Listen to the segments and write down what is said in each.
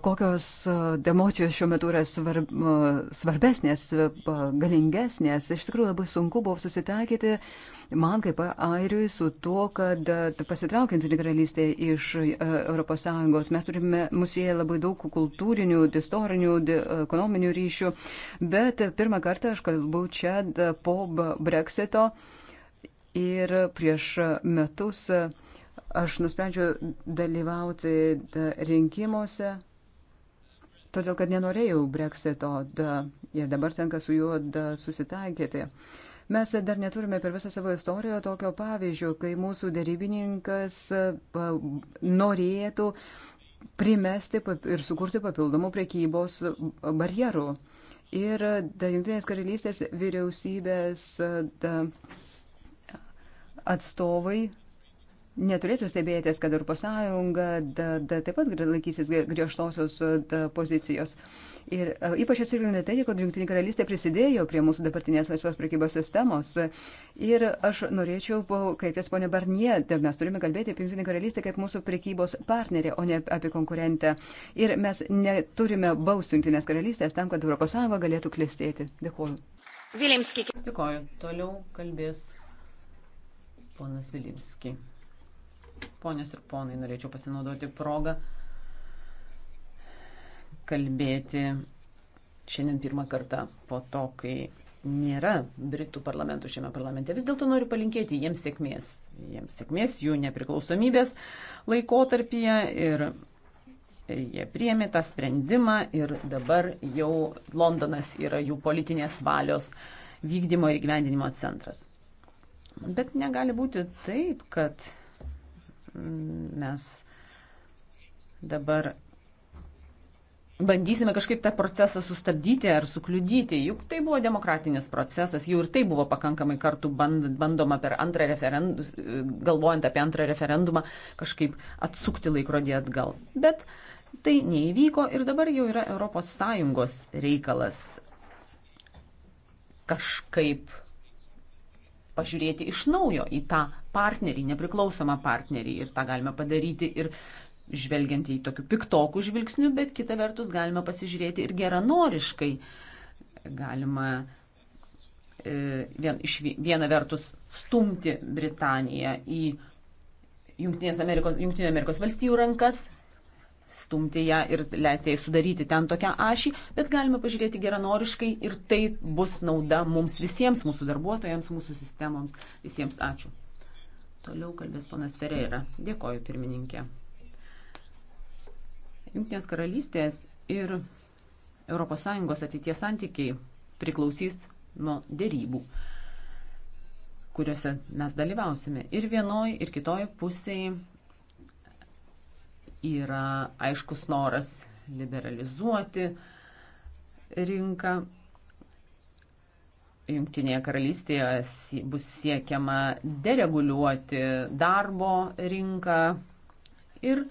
kokios emocijos šiuo metu yra svarb, svarbesnės, galingesnės. Iš tikrųjų labai sunku buvo susitaikyti man kaip airiui su tuo, kad pasitraukiant karalystė iš ES mes turime musėje labai daug kultūrinių, istorinių, ekonominių ryšių, bet pirmą kartą aš kalbu čia po Brexito ir prieš metus aš nusprendžiau dalyvauti rinkimuose todėl kad nenorėjau breksito da, ir dabar tenka su juo susitaikyti. Mes dar neturime per visą savo istoriją tokio pavyzdžio, kai mūsų dėrybininkas norėtų primesti ir sukurti papildomų prekybos barjerų. Ir da, Junktinės karalystės vyriausybės da, atstovai neturėtų stebėtis, kad Europos Sąjunga da, da, taip pat laikysis griežtosios da, pozicijos. Ir a, e, ypač atsižvelgiant tai, kad Junktinė karalystė prisidėjo prie mūsų dabartinės laisvos prekybos sistemos. Ir aš norėčiau kreiptis ponė Barnie, tai mes turime kalbėti apie Junktinę karalystę kaip mūsų prekybos partnerį, o ne apie konkurentę. Ir mes neturime bausti Junktinės karalystės tam, kad Europos Sąjunga galėtų klestėti. Dėkuoju. Vilimski. Dėkuoju. Toliau kalbės ponas Vilimski. Ponios ir ponai, norėčiau pasinaudoti progą kalbėti šiandien pirmą kartą po to, kai nėra Britų parlamentų šiame parlamente. Vis dėlto noriu palinkėti jiems sėkmės. Jiems sėkmės jų nepriklausomybės laikotarpyje ir jie priemi tą sprendimą ir dabar jau Londonas yra jų politinės valios vykdymo ir gyvendinimo centras. Bet negali būti taip, kad Mes dabar bandysime kažkaip tą procesą sustabdyti ar sukliudyti, juk tai buvo demokratinis procesas, jau ir tai buvo pakankamai kartų bandoma per antrą referendumą, galvojant apie antrą referendumą, kažkaip atsukti laikrodį atgal. Bet tai neįvyko ir dabar jau yra ES reikalas kažkaip pažiūrėti iš naujo į tą partnerį, nepriklausomą partnerį ir tą galime padaryti ir žvelgiant į tokių piktokų žvilgsnių, bet kita vertus galima pasižiūrėti ir geranoriškai. Galima e, vien, iš viena vertus stumti Britaniją į Junktinės Amerikos, Junktinės Amerikos valstijų rankas, stumti ją ir leisti jai sudaryti ten tokią ašį, bet galime pažiūrėti geranoriškai ir tai bus nauda mums visiems, mūsų darbuotojams, mūsų sistemoms. Visiems ačiū. Toliau kalbės ponas Ferreira. Dėkoju, pirmininkė. Junktinės karalystės ir ES ateities santykiai priklausys nuo dėrybų, kuriuose mes dalyvausime. Ir vienoj, ir kitoj pusėje yra aiškus noras liberalizuoti rinką Junktinėje karalystėje bus siekiama dereguliuoti darbo rinką ir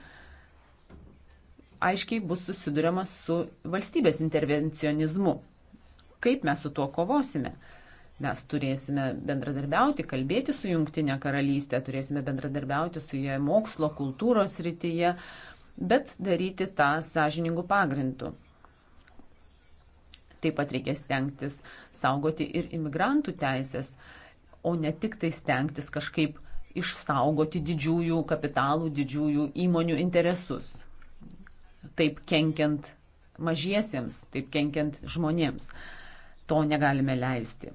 aiškiai bus susidurima su valstybės intervencionizmu. Kaip mes su tuo kovosime? Mes turėsime bendradarbiauti, kalbėti su Junktinė karalystė, turėsime bendradarbiauti su jie mokslo, kultūros rytyje, bet daryti tą sąžiningų pagrindų. Taip pat reikia stengtis saugoti ir imigrantų teisės, o ne tik tai stengtis kažkaip išsaugoti didžiųjų kapitalų, didžiųjų įmonių interesus. Taip kenkiant mažiesiems, taip kenkiant žmonėms. To negalime leisti.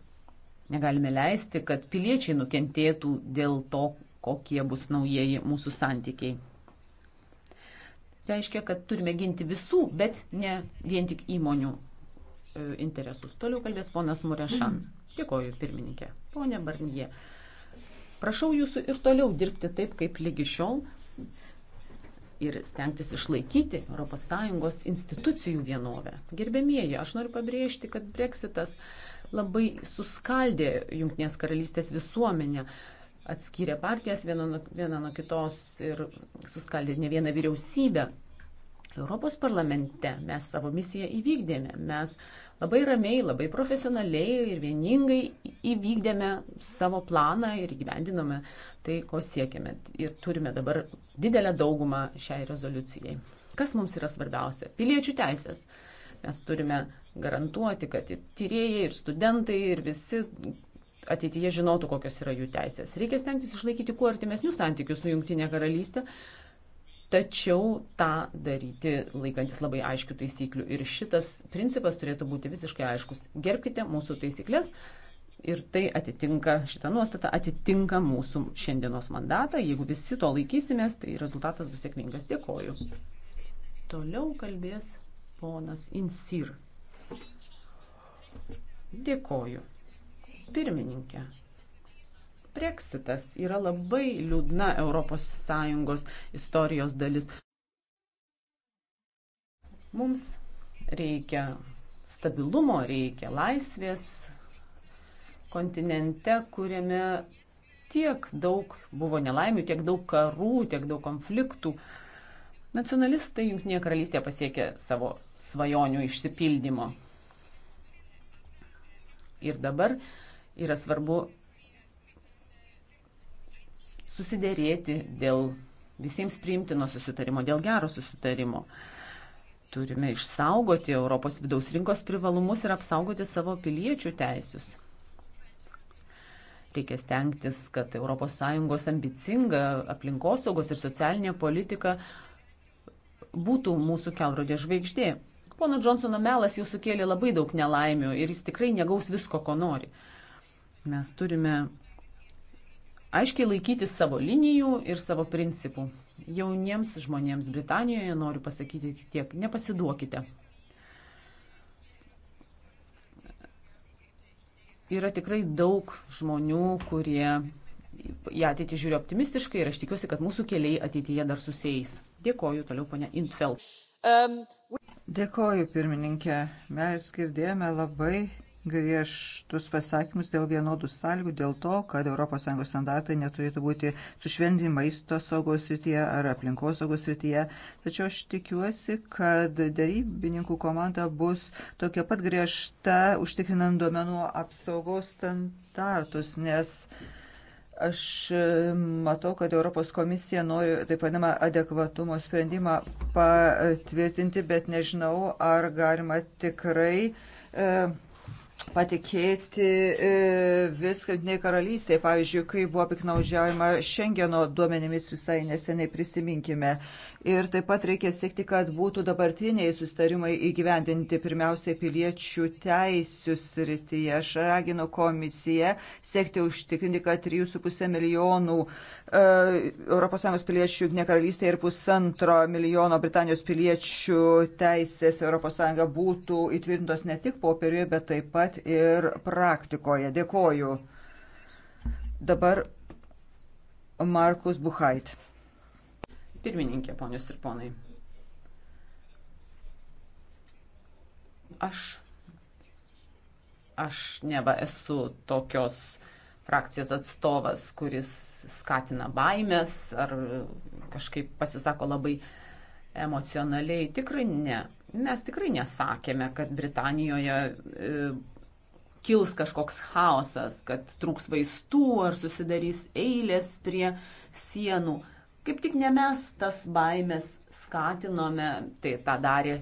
Negalime leisti, kad piliečiai nukentėtų dėl to, kokie bus naujieji mūsų santykiai. Reiškia, kad turime ginti visų, bet ne vien tik įmonių E, interesus. Toliau kalbės ponas Murešan. Mhm. Dėkoju, pirmininkė. Pone Barnie, prašau jūsų ir toliau dirbti taip, kaip lygi šiol ir stengtis išlaikyti ES institucijų vienovę. Gerbėmieji, aš noriu pabrėžti, kad breksitas labai suskaldė Junktinės karalystės visuomenę, atskyrė partijas vieną nuo, vieną nuo kitos ir suskaldė ne vieną vyriausybę. Europos parlamente mes savo misiją įvykdėme. Mes labai ramiai, labai profesionaliai ir vieningai įvykdėme savo planą ir gyvendinome tai, ko siekiame. Ir turime dabar didelę daugumą šiai rezoliucijai. Kas mums yra svarbiausia? Piliečių teisės. Mes turime garantuoti, kad ir tyrėjai, ir studentai, ir visi ateityje žinotų, kokios yra jų teisės. Reikia stengtis išlaikyti kuo artimesnius santykius su Junktinė karalystė, tačiau tą daryti laikantis labai aiškių taisyklių. Ir šitas principas turėtų būti visiškai aiškus. Gerbkite mūsų taisyklės ir tai atitinka, šita nuostata atitinka mūsų šiandienos mandatą. Jeigu visi to laikysimės, tai rezultatas bus sėkmingas. Dėkoju. Toliau kalbės ponas Insir. Dėkoju. Pirmininkė, Brexitas yra labai liūdna ES istorijos dalis. Mums reikia stabilumo, reikia laisvės kontinente, kuriame tiek daug buvo nelaimių, tiek daug karų, tiek daug konfliktų. Nacionalistai Junktinėje karalystėje pasiekė savo svajonių išsipildymo. Ir dabar yra svarbu susidėrėti dėl visiems priimtino susitarimo, dėl gero susitarimo. Turime išsaugoti Europos vidaus rinkos privalumus ir apsaugoti savo piliečių teisius. Reikia stengtis, kad ES ambicinga aplinkosaugos ir socialinė politika būtų mūsų kelrodė žvaigždė. Pono Johnsono melas jau sukėlė labai daug nelaimių ir jis tikrai negaus visko, ko nori. Mes turime aiškiai laikytis savo linijų ir savo principų. Jauniems žmonėms Britanijoje noriu pasakyti tiek, nepasiduokite. Yra tikrai daug žmonių, kurie į ateitį žiūri optimistiškai ir aš tikiuosi, kad mūsų keliai ateityje dar susieis. Dėkoju toliau, ponia Intfeld. Um, we... Dėkoju, pirmininkė. Mes girdėjome labai griežtus pasakymus dėl vienodų sąlygų, dėl to, kad ES standartai neturėtų būti sušvendinti maisto saugos srityje ar aplinkos saugos srityje. Tačiau aš tikiuosi, kad darybininkų komanda bus tokia pat griežta, užtikrinant duomenų apsaugos standartus, nes aš matau, kad Europos komisija nori taip vadinamą adekvatumo sprendimą patvirtinti, bet nežinau, ar galima tikrai. E, patikėti e, viską Junktinėje karalystėje. Pavyzdžiui, kai buvo piknaudžiaujama Šengeno duomenimis visai neseniai, prisiminkime. Ir taip pat reikia siekti, kad būtų dabartiniai sustarimai įgyvendinti pirmiausiai piliečių teisių srityje. Aš raginu komisiją siekti užtikrinti, kad 3,5 milijonų uh, e, ES piliečių Junktinė karalystė ir pusantro milijono Britanijos piliečių teisės ES būtų įtvirtintos ne tik popieriuje, bet taip pat ir praktikoje. Dėkoju. Dabar Markus Buchait pirmininkė, ponios ir ponai. Aš, aš neva esu tokios frakcijos atstovas, kuris skatina baimės ar kažkaip pasisako labai emocionaliai. Tikrai ne. Mes tikrai nesakėme, kad Britanijoje e, kils kažkoks chaosas, kad trūks vaistų ar susidarys eilės prie sienų. E, Kaip tik ne mes tas baimės skatinome, tai tą darė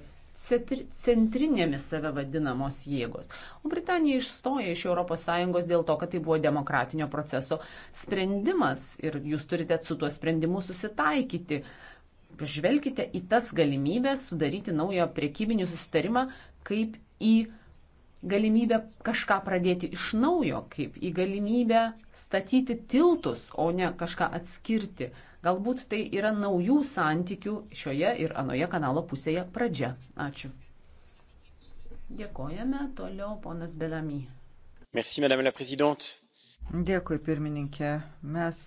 centrinėmis save vadinamos jėgos. O Britanija išstoja iš ES dėl to, kad tai buvo demokratinio proceso sprendimas ir jūs turite su tuo sprendimu susitaikyti. Žvelkite į tas galimybės sudaryti naują priekybinį susitarimą kaip į galimybę kažką pradėti iš naujo, kaip į galimybę statyti tiltus, o ne kažką atskirti Galbūt tai yra naujų santykių šioje ir anoje kanalo pusėje pradžia. Ačiū. Dėkojame. Toliau ponas Belami. Merci, madame la présidente. Dėkui, pirmininkė. Mes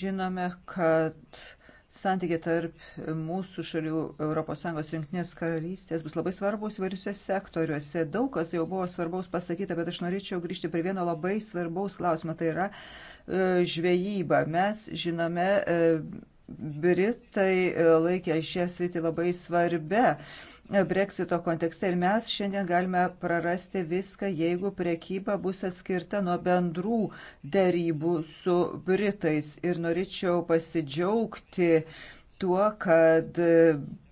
žinome, kad santykiai tarp mūsų šalių ES rinktinės karalystės bus labai svarbus įvairiuose sektoriuose. Daug kas jau buvo svarbaus pasakyta, bet aš norėčiau grįžti prie vieno labai svarbaus klausimo. Tai yra e, žvejyba. Mes žinome, e, Britai e, laikė šią sritį labai svarbę breksito kontekste ir mes šiandien galime prarasti viską, jeigu prekyba bus atskirta nuo bendrų dėrybų su Britais. Ir norėčiau pasidžiaugti tuo, kad e,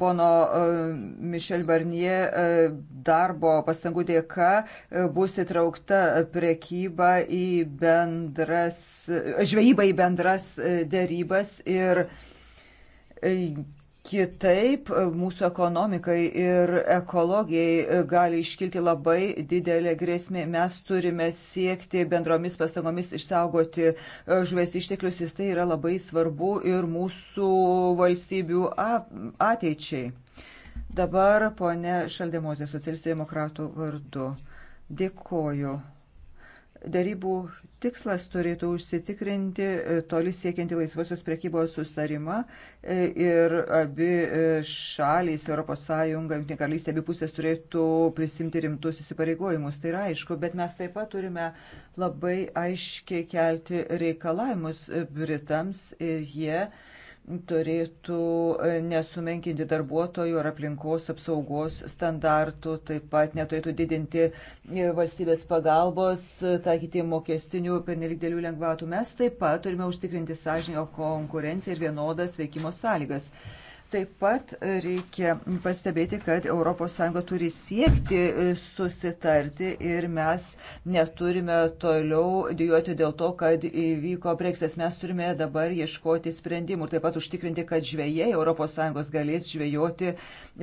pono e, Mišel Barnie e, darbo pastangų dėka bus įtraukta prekyba į bendras, žvejyba į bendras dėrybas ir Kitaip e, mūsų ekonomikai ir ekologijai e, gali iškilti labai didelė grėsmė. Mes turime siekti bendromis pastangomis išsaugoti e, žuvės išteklius, jis tai yra labai svarbu ir mūsų valstybių ateičiai. Dabar ponė Šaldemozė, socialistų demokratų vardu. Dėkoju. Darybų Tikslas turėtų užsitikrinti e, toli siekianti laisvosios prekybos sustarimą e, ir abi e, šalys, ES, Junktinė karalystė, abi pusės turėtų prisimti rimtus įsipareigojimus. Tai yra aišku, bet mes taip pat turime labai aiškiai kelti reikalavimus Britams ir jie turėtų e, nesumenkinti darbuotojų ar aplinkos apsaugos standartų, taip pat neturėtų didinti e, valstybės pagalbos, e, taikyti mokestinių pernelik dėlių lengvatų. Mes taip pat turime užtikrinti sąžinio konkurenciją ir vienodas veikimo sąlygas. Taip pat reikia pastebėti, kad ES turi siekti e, susitarti ir mes neturime toliau dėjoti dėl to, kad įvyko breksas. Mes turime dabar ieškoti sprendimų ir taip pat užtikrinti, kad žvėjai ES galės žvėjoti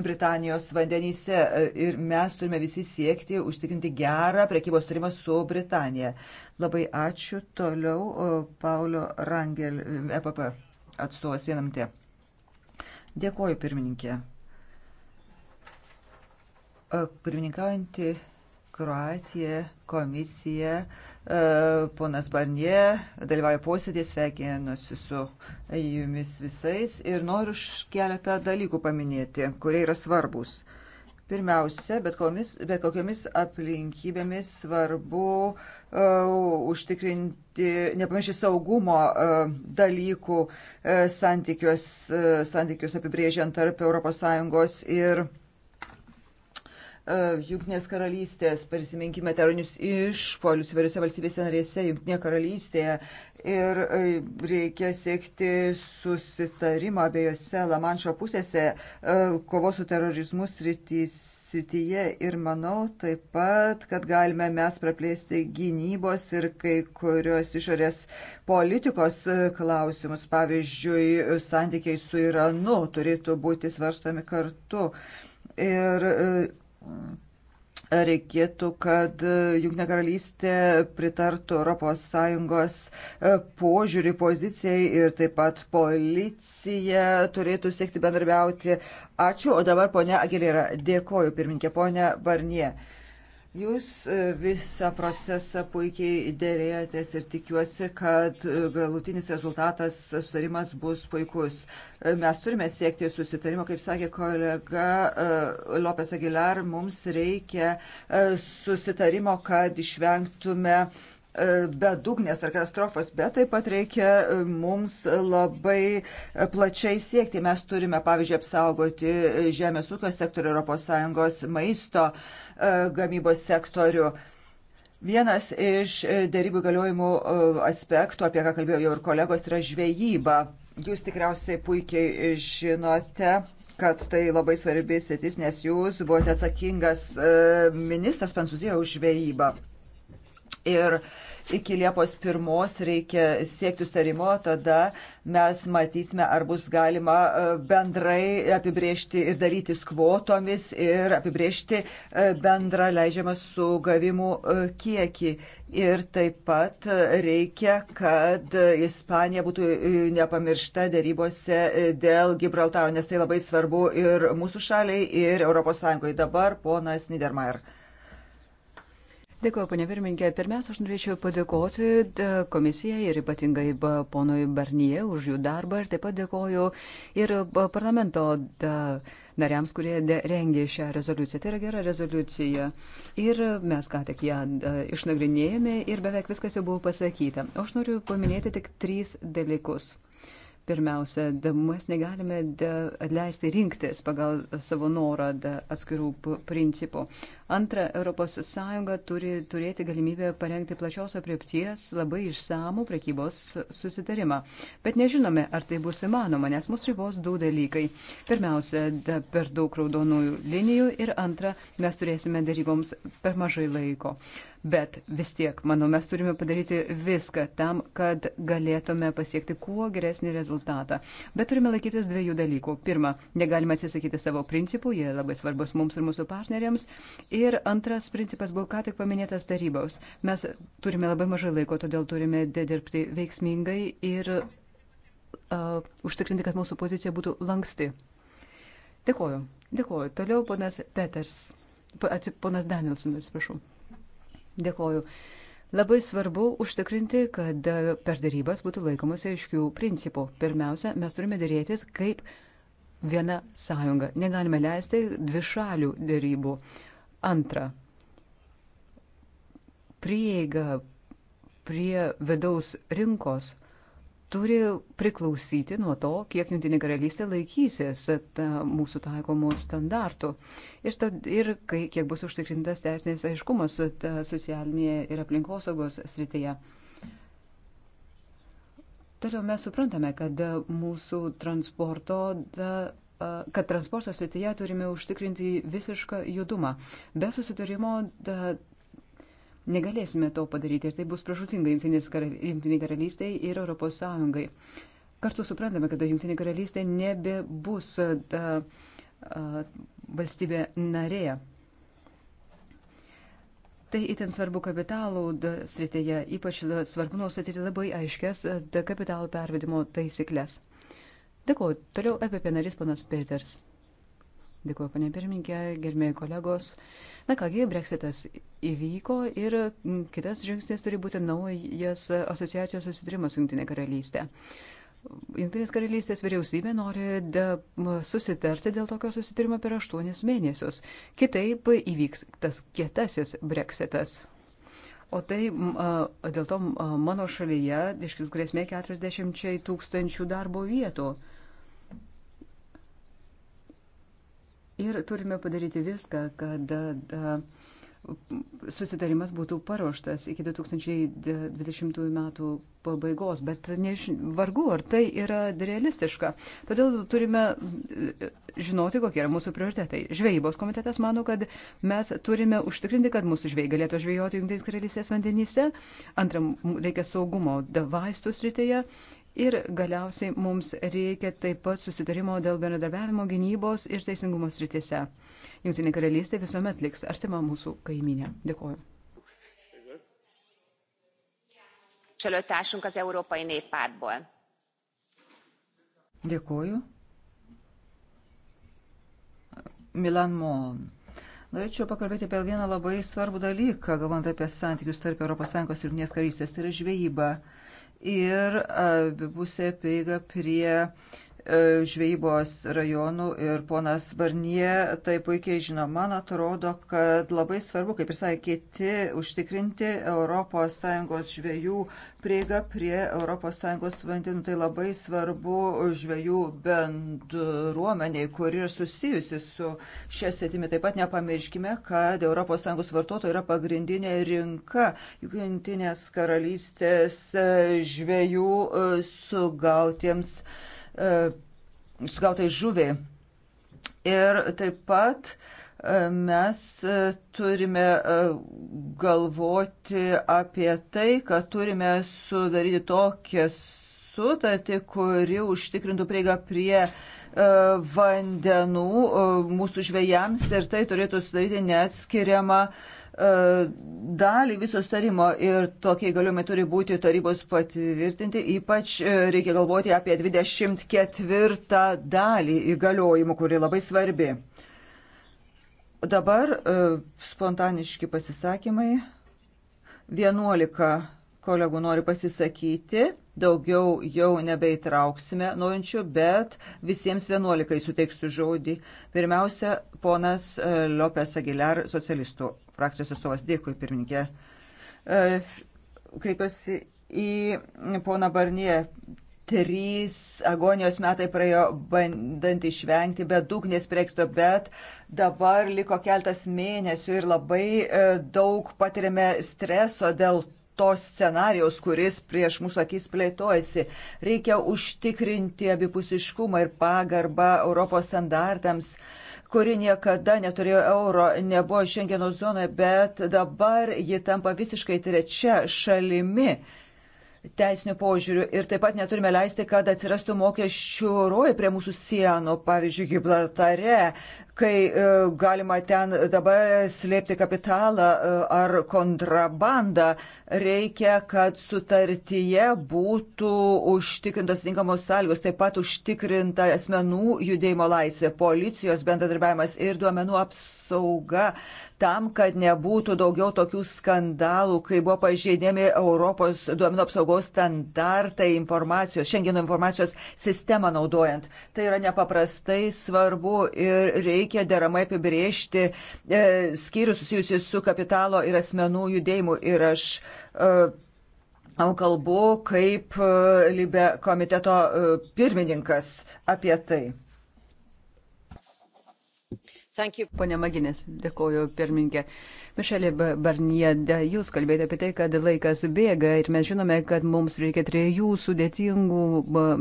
Britanijos vandenyse e, ir mes turime visi siekti užtikrinti gerą prekybos turimą su Britanija. Labai ačiū. Toliau e, Paulio Rangel, EPP atstovas vienam tie. Dėkoju, pirmininkė. E, Pirmininkaujantį Kroatiją, komisiją, e, ponas Barnie dalyvauja posėdė, sveikinuosi su jumis visais ir noriu keletą dalykų paminėti, kurie yra svarbus. Pirmiausia, bet, komis, bet kokiomis aplinkybėmis svarbu uh, užtikrinti, nepamiršti saugumo uh, dalykų uh, e, santykius, uh, santykius apibrėžiant tarp ES ir uh, E, Junktinės karalystės, prisiminkime terorinius išpolius įvairiose valstybėse narėse, Junktinėje karalystėje ir e, reikia siekti susitarimą abiejose Lamanšo pusėse e, kovos su terorizmu srityje ir manau taip pat, kad galime mes praplėsti gynybos ir kai kurios išorės politikos klausimus, pavyzdžiui, santykiai su Iranu turėtų būti svarstomi kartu. Ir reikėtų, kad Junktinė karalystė pritartų ES e, požiūrį, pozicijai ir taip pat policija turėtų siekti bendarbiauti. Ačiū, o dabar ponia Agilėra, dėkoju pirminkė, ponia Barnie. Jūs e, visą procesą puikiai dėrėjotės ir tikiuosi, kad e, galutinis rezultatas, susitarimas bus puikus. E, mes turime siekti susitarimo, kaip sakė kolega Lopes Aguilar, mums reikia susitarimo, kad išvengtume E, bedugnės ar katastrofos, bet taip pat reikia e, mums labai e, plačiai siekti. Mes turime, pavyzdžiui, apsaugoti žemės ūkio sektorių, ES maisto gamybos sektorių. Vienas iš dėrybų galiojimų aspektų, apie ką kalbėjau jau ir kolegos, yra žvejyba. Jūs tikriausiai puikiai žinote kad tai labai svarbi sėtis, nes jūs buvote atsakingas ministras Prancūzijoje už žvejybą ir iki Liepos pirmos reikia siekti sustarimo, tada mes matysime, ar bus galima e, bendrai apibriežti ir dalytis kvotomis ir apibriežti e, bendrą leidžiamą sugavimų e, kiekį. Ir taip pat reikia, kad Ispanija būtų nepamiršta dėrybose dėl Gibraltaro, nes tai labai svarbu ir mūsų šaliai, ir ES. Dabar ponas Niedermayer. Dėkuoju, ponė Virminkė. Pirmiausia, aš norėčiau padėkoti e, komisijai ir ypatingai ponui Barnie už jų darbą ir taip pat dėkoju ir parlamento nariams, kurie rengė šią rezoliuciją. Tai yra gera rezoliucija. Ir mes ką tik ją išnagrinėjome ir beveik viskas jau buvo pasakyta. Aš noriu paminėti tik trys dalykus. Pirmiausia, da, mes negalime da, leisti rinktis pagal savo norą da, atskirų principų. Antra, ES turi turėti galimybę parengti plačios apriepties labai išsamų prekybos susitarimą. Bet nežinome, ar tai bus įmanoma, nes mus ribos du dalykai. Pirmiausia, da, per daug raudonų linijų ir antra, mes turėsime daryboms per mažai laiko. Bet vis tiek, manau, mes turime padaryti viską tam, kad galėtume pasiekti kuo geresnį rezultatą. Bet turime laikytis dviejų dalykų. Pirma, negalime atsisakyti savo principų, jie labai svarbus mums ir mūsų partneriams. Ir antras principas buvo ką tik paminėtas tarybos. Mes turime labai mažai laiko, todėl turime dirbti veiksmingai ir uh, užtikrinti, kad mūsų pozicija būtų lanksti. Dėkoju. Dėkoju. Toliau ponas Peters. Ponas Danielsonas, atsiprašau. Dėkoju. Labai svarbu užtikrinti, kad per darybas būtų laikomasi aiškių principų. Pirmiausia, mes turime dėrėtis kaip viena sąjunga. Negalime leisti dvišalių dėrybų. Antra, prieiga prie vidaus rinkos turi priklausyti nuo to, kiek Junktinė karalystė laikysis ta, mūsų taikomų standartų ir, tad, ir kai, kiek bus užtikrintas teisinės aiškumas ta, socialinėje ir aplinkosaugos srityje. Toliau mes suprantame, kad mūsų transporto da, kad transporto srityje turime užtikrinti visišką judumą. Be susitarimo da, negalėsime to padaryti ir tai bus pražutinga Junktiniai karalystiai ir Europos Sąjungai. Kartu suprantame, kad Junktinė karalystė nebebus da, a, valstybė narė. Tai itin svarbu kapitalų srityje, ypač svarbu nustatyti labai aiškias kapitalo pervedimo taisyklės. Dėkuoju. Toliau apie penarys panas Peters. Dėkuoju, panė pirmininkė, gerbėjai kolegos. Na kągi, breksitas įvyko ir kitas žingsnis turi būti naujas asociacijos susitrimas su Junktinė karalystė. Junktinės karalystės vyriausybė nori de, susitarti dėl tokio susitarimo per aštuonis mėnesius. Kitaip įvyks tas kietasis breksitas. O tai dėl to mano šalyje iškils grėsmė 40 tūkstančių darbo vietų. Ir turime padaryti viską, kad da, susitarimas būtų paruoštas iki 2020 metų pabaigos, bet než, vargu ar tai yra realistiška. Todėl turime e, žinoti, kokie yra mūsų prioritetai. Žvejybos komitetas mano, kad mes turime užtikrinti, kad mūsų žvėjai galėtų žvejoti Junktinės karalystės vandenyse. Antram, reikia saugumo vaistų srityje. Ir galiausiai mums reikia taip pat susitarimo dėl bendradarbiavimo gynybos ir teisingumo srityse. Jungtinė karalystė visuomet liks artima mūsų kaiminė. Dėkuoju. Képviselőtársunk az Európai Néppártból. Dėkuoju. Milan Mon. Norėčiau pakalbėti apie vieną labai svarbų dalyką, galvant apie santykius tarp ES ir Junktinės karalystės, tai yra žvejyba. Uh, ir abipusė prieiga prie E, žvejybos rajonų ir ponas Barnie tai puikiai žino. Man atrodo, kad labai svarbu, kaip ir sakė kiti, užtikrinti ES žvejų prieigą prie ES vandenų. Tai labai svarbu žvejų bendruomeniai, kuri ir susijusi su šia sėtimi. Taip pat nepamirškime, kad ES vartotojai yra pagrindinė rinka. Junktinės karalystės žvejų e, sugautiems uh, E, sugautai žuviai. Ir taip pat e, mes e, turime galvoti apie tai, kad turime sudaryti tokią sutartį, kuri užtikrintų prieigą prie vandenų mūsų žvėjams ir tai turėtų sudaryti neatskiriamą uh, E, dalį viso starimo ir tokie įgaliojimai turi būti tarybos patvirtinti, ypač e, reikia galvoti apie 24 dalį įgaliojimų, kuri labai svarbi. Dabar e, spontaniški pasisakymai. 11 kolegų nori pasisakyti daugiau jau nebeįtrauksime norinčių, bet visiems vienuolikai suteiksiu žodį. Pirmiausia, ponas e, Lopes Aguilar, socialistų frakcijos atstovas. Dėkui, pirmininkė. E, kreipiuosi į poną Barnie. Trys agonijos metai praėjo bandant išvengti bedugnės breksto, bet dabar liko keltas mėnesių ir labai e, daug patiriame streso dėl to scenarijaus, kuris prieš mūsų akis plėtojasi. Reikia užtikrinti abipusiškumą ir pagarbą Europos standartams kuri niekada neturėjo euro, nebuvo Šengeno zonoje, bet dabar ji tampa visiškai trečia šalimi teisinių požiūrių ir taip pat neturime leisti, kad atsirastų mokesčių rojai prie mūsų sienų, pavyzdžiui, Gibraltare, kai e, galima ten dabar slėpti kapitalą e, ar kontrabandą. Reikia, kad sutartyje būtų užtikrintos tinkamos sąlygos, taip pat užtikrinta asmenų judėjimo laisvė, policijos bendradarbiavimas ir duomenų apsauga tam, kad nebūtų daugiau tokių skandalų, kai buvo pažeidėmi Europos duomenų apsaugos standartai informacijos, šiandieno informacijos sistemą naudojant. Tai yra nepaprastai svarbu ir reikia deramai apibriežti e, skyrius susijusius su kapitalo ir asmenų judėjimu. Ir aš e, kalbu kaip e, Libe komiteto e, pirmininkas apie tai. Pone Maginės, dėkoju pirmininkė. Mišelė Barnieda, jūs kalbėjote apie tai, kad laikas bėga ir mes žinome, kad mums reikia trejų sudėtingų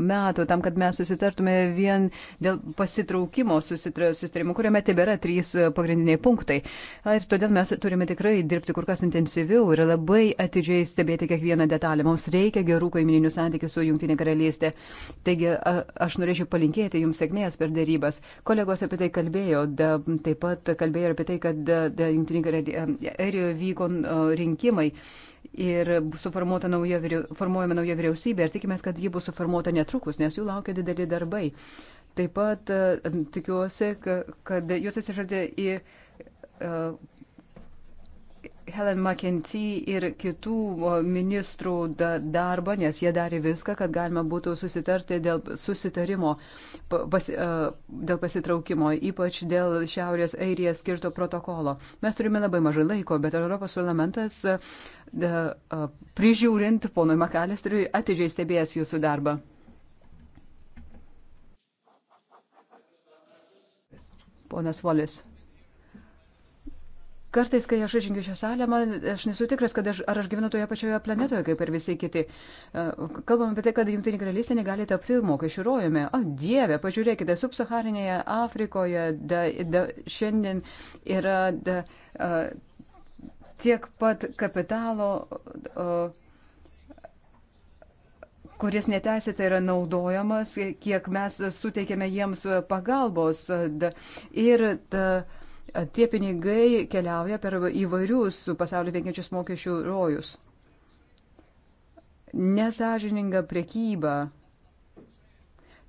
metų tam, kad mes susitartume vien dėl pasitraukimo susitarimo, kuriame tebėra trys pagrindiniai punktai. Ir todėl mes turime tikrai dirbti kur kas intensyviau ir labai atidžiai stebėti kiekvieną detalę. Mums reikia gerų kaimininių santykių su Junktinė karalystė. Taigi aš norėčiau palinkėti jums sėkmės per dėrybas. Kolegos apie tai kalbėjo. Da, taip pat kalbėjo ir apie tai, kad e, Junktinėje Airijoje vyko e, rinkimai ir suformuota nauja, formuojama nauja vyriausybė ir tikimės, kad ji bus suformuota netrukus, nes jų laukia dideli darbai. Taip pat e, tikiuosi, kad jūs atsižadėte į Helen McKenzie ir kitų ministrų darbą, nes jie darė viską, kad galima būtų susitarti dėl susitarimo, pas, dėl pasitraukimo, ypač dėl Šiaurės Airijos skirto protokolo. Mes turime labai mažai laiko, bet Europos parlamentas prižiūrint ponui Makalistriui atidžiai stebės jūsų darbą. Ponas Volis. Kartais, kai aš išingiu šią salę, man, aš nesu tikras, kad aš, ar aš gyvenu toje pačioje planetoje, kaip ir visi kiti. E, kalbam apie tai, kad Junktinė karalystė negali tapti mokesčių rojumi. O dieve, pažiūrėkite, subsaharinėje Afrikoje da, da, šiandien yra da, a, e, tiek pat kapitalo. A, kuris neteisėtai yra naudojamas, kiek mes suteikėme jiems pagalbos. Da, ir da, uh, Tie pinigai keliauja per įvairius pasaulio veikiančius mokesčių rojus. Nesažininga priekyba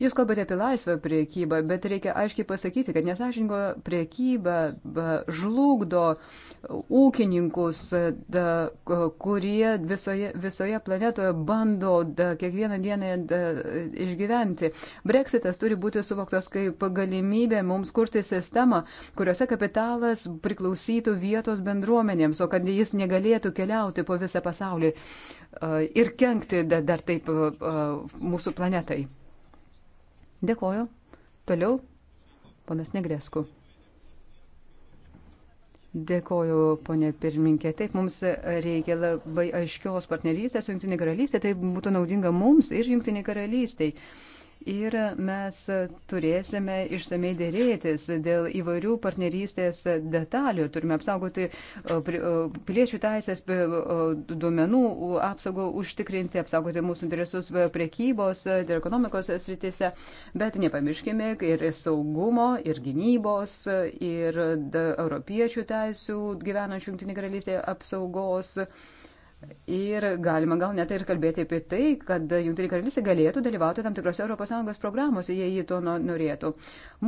Jūs kalbate apie laisvą priekybą, bet reikia aiškiai pasakyti, kad nesažininko priekyba žlugdo ūkininkus, da, kurie visoje, visoje planetoje bando da, kiekvieną dieną da, išgyventi. Brexitas turi būti suvoktas kaip galimybė mums kurti sistemą, kuriuose kapitalas priklausytų vietos bendruomenėms, o kad jis negalėtų keliauti po visą pasaulį ir kenkti da, dar taip mūsų planetai. Dėkoju. Toliau, ponas Negresku. Dėkoju, ponė pirminkė. Taip, mums reikia labai aiškios partnerystės su Junktinė karalystė. Tai būtų naudinga mums ir Junktinė karalystė. Uh, Ir mes turėsime išsamei dėrėtis dėl įvairių partnerystės detalių. Turime apsaugoti piliečių teisės, duomenų apsaugą užtikrinti, apsaugoti mūsų interesus priekybos ir ekonomikos sritise. Bet nepamirškime ir saugumo, ir gynybos, ir europiečių teisų gyvenančių Junktinė karalystė apsaugos. Uh, Ir galima gal net ir kalbėti apie tai, kad Junktinė karalystė galėtų dalyvauti tam tikrose ES programuose, jei jį to norėtų.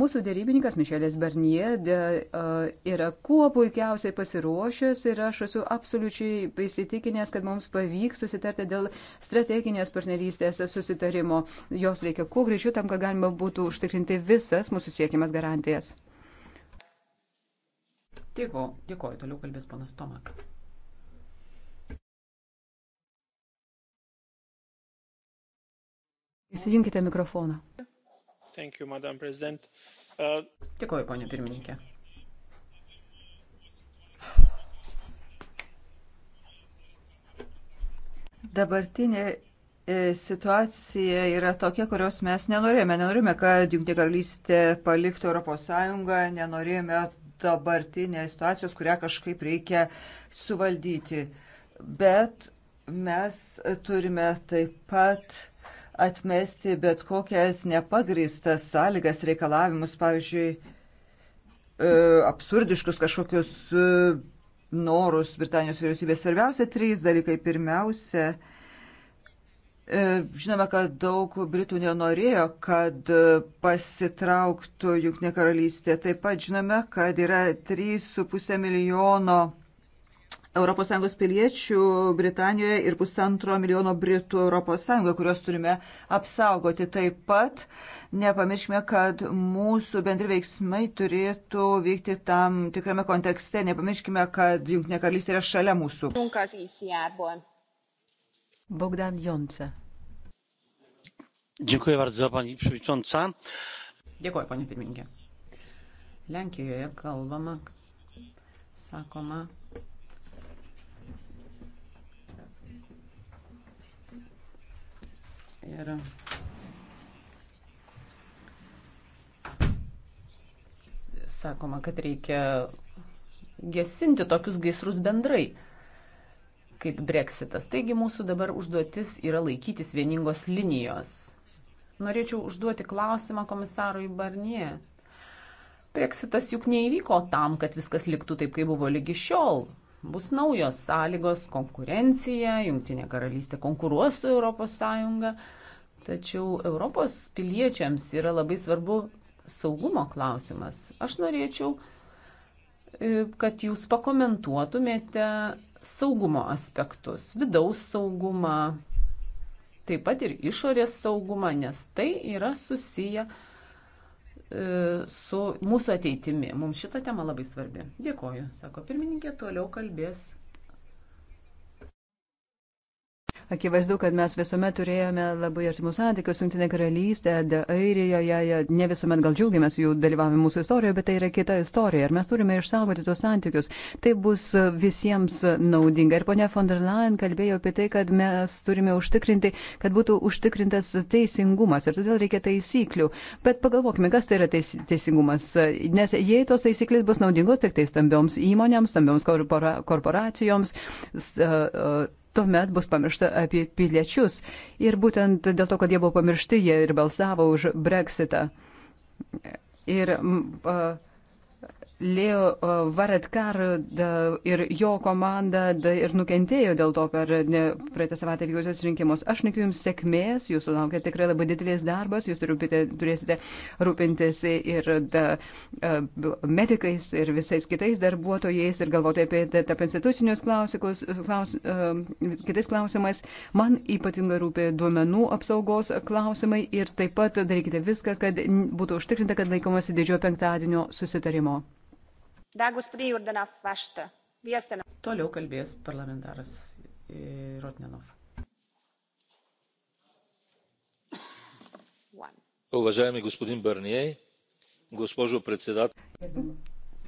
Mūsų dėrybininkas Mišelis Barnie de, uh, yra kuo puikiausiai pasiruošęs ir aš esu absoliučiai įsitikinęs, kad mums pavyks susitarti dėl strateginės partnerystės susitarimo. Jos reikia kuo greičiau tam, kad galima būtų užtikrinti visas mūsų siekiamas garantijas. Dėkuoju, dėkuoju, toliau kalbės panas Tomak. Įsijunkite mikrofoną. Thank you, Madam President. Uh... Dėkuoju, ponė pirmininkė. Dabartinė e, situacija yra tokia, kurios mes nenorėjome. Nenorėjome, kad Junktinė karalystė paliktų ES, nenorėjome dabartinės situacijos, kurią kažkaip reikia suvaldyti. Bet mes turime taip pat atmesti bet kokias nepagristas sąlygas, reikalavimus, pavyzdžiui, e, absurdiškus kažkokius e, norus Britanijos vyriausybės. Svarbiausia trys dalykai. Pirmiausia, e, Žinome, kad daug Britų nenorėjo, kad pasitrauktų Junktinė karalystė. Taip pat žinome, kad yra 3,5 milijono ES piliečių Britanijoje ir pusantro milijono Britų ES, kuriuos turime apsaugoti. Taip pat nepamirškime, kad mūsų bendri veiksmai turėtų vykti tam tikrame kontekste. Nepamirškime, kad Junktinė karalystė yra šalia mūsų. Bogdan Jonce. Dziękuję bardzo, pani przewodnicząca. Dziękuję, pani pirmininkė. Lenkijoje kalbama, sakoma, Ir sakoma, kad reikia gesinti tokius gaisrus bendrai kaip breksitas. Taigi mūsų dabar užduotis yra laikytis vieningos linijos. Norėčiau užduoti klausimą komisarui Barnie. Breksitas juk neįvyko tam, kad viskas liktų taip, kaip buvo lygi šiol bus naujos sąlygos, konkurencija, Junktinė karalystė konkuruos su ES, tačiau Europos piliečiams yra labai svarbu saugumo klausimas. Aš norėčiau, e, kad jūs pakomentuotumėte saugumo aspektus, vidaus saugumą, taip pat ir išorės saugumą, nes tai yra susiję su E, su mūsų ateitimi. Mums šita tema labai svarbi. Dėkoju, sako pirmininkė, toliau kalbės Akivaizdu, kad mes visuomet turėjome labai artimus santykius su Junktinė karalystė, Airijoje, ne visuomet gal džiaugiamės jų dalyvavimu mūsų istorijoje, bet tai yra kita istorija ir mes turime išsaugoti tuos santykius. Tai bus visiems naudinga. Ir ponia von der Leyen kalbėjo apie tai, kad mes turime užtikrinti, kad būtų užtikrintas teisingumas ir todėl reikia taisyklių. Bet pagalvokime, kas tai yra teis, teisingumas. Nes jei tos taisyklės bus naudingos tik tai stambioms įmonėms, stambioms korpora, korporacijoms, st, uh, tuomet bus pamiršta apie piliečius. Ir būtent dėl to, kad jie buvo pamiršti, jie ir balsavo už breksitą. Ir uh, Leo Varadkar ir jo komanda ir nukentėjo dėl to per praeitą savaitę vykusios rinkimus. Aš nekiu Jums sėkmės, Jūsų laukia tikrai labai didelis darbas, Jūs turupite, turėsite rūpintis ir da, medikais ir visais kitais darbuotojais ir galvoti apie tarp institucinius klausimus, klaus, kitais klausimais. Man ypatingai rūpė duomenų apsaugos klausimai ir taip pat darykite viską, kad būtų užtikrinta, kad laikomasi didžiojo penktadienio susitarimo. Toliau kalbės parlamentaras e, Rotnenov. Уважаеми господин Барние, госпожо председател.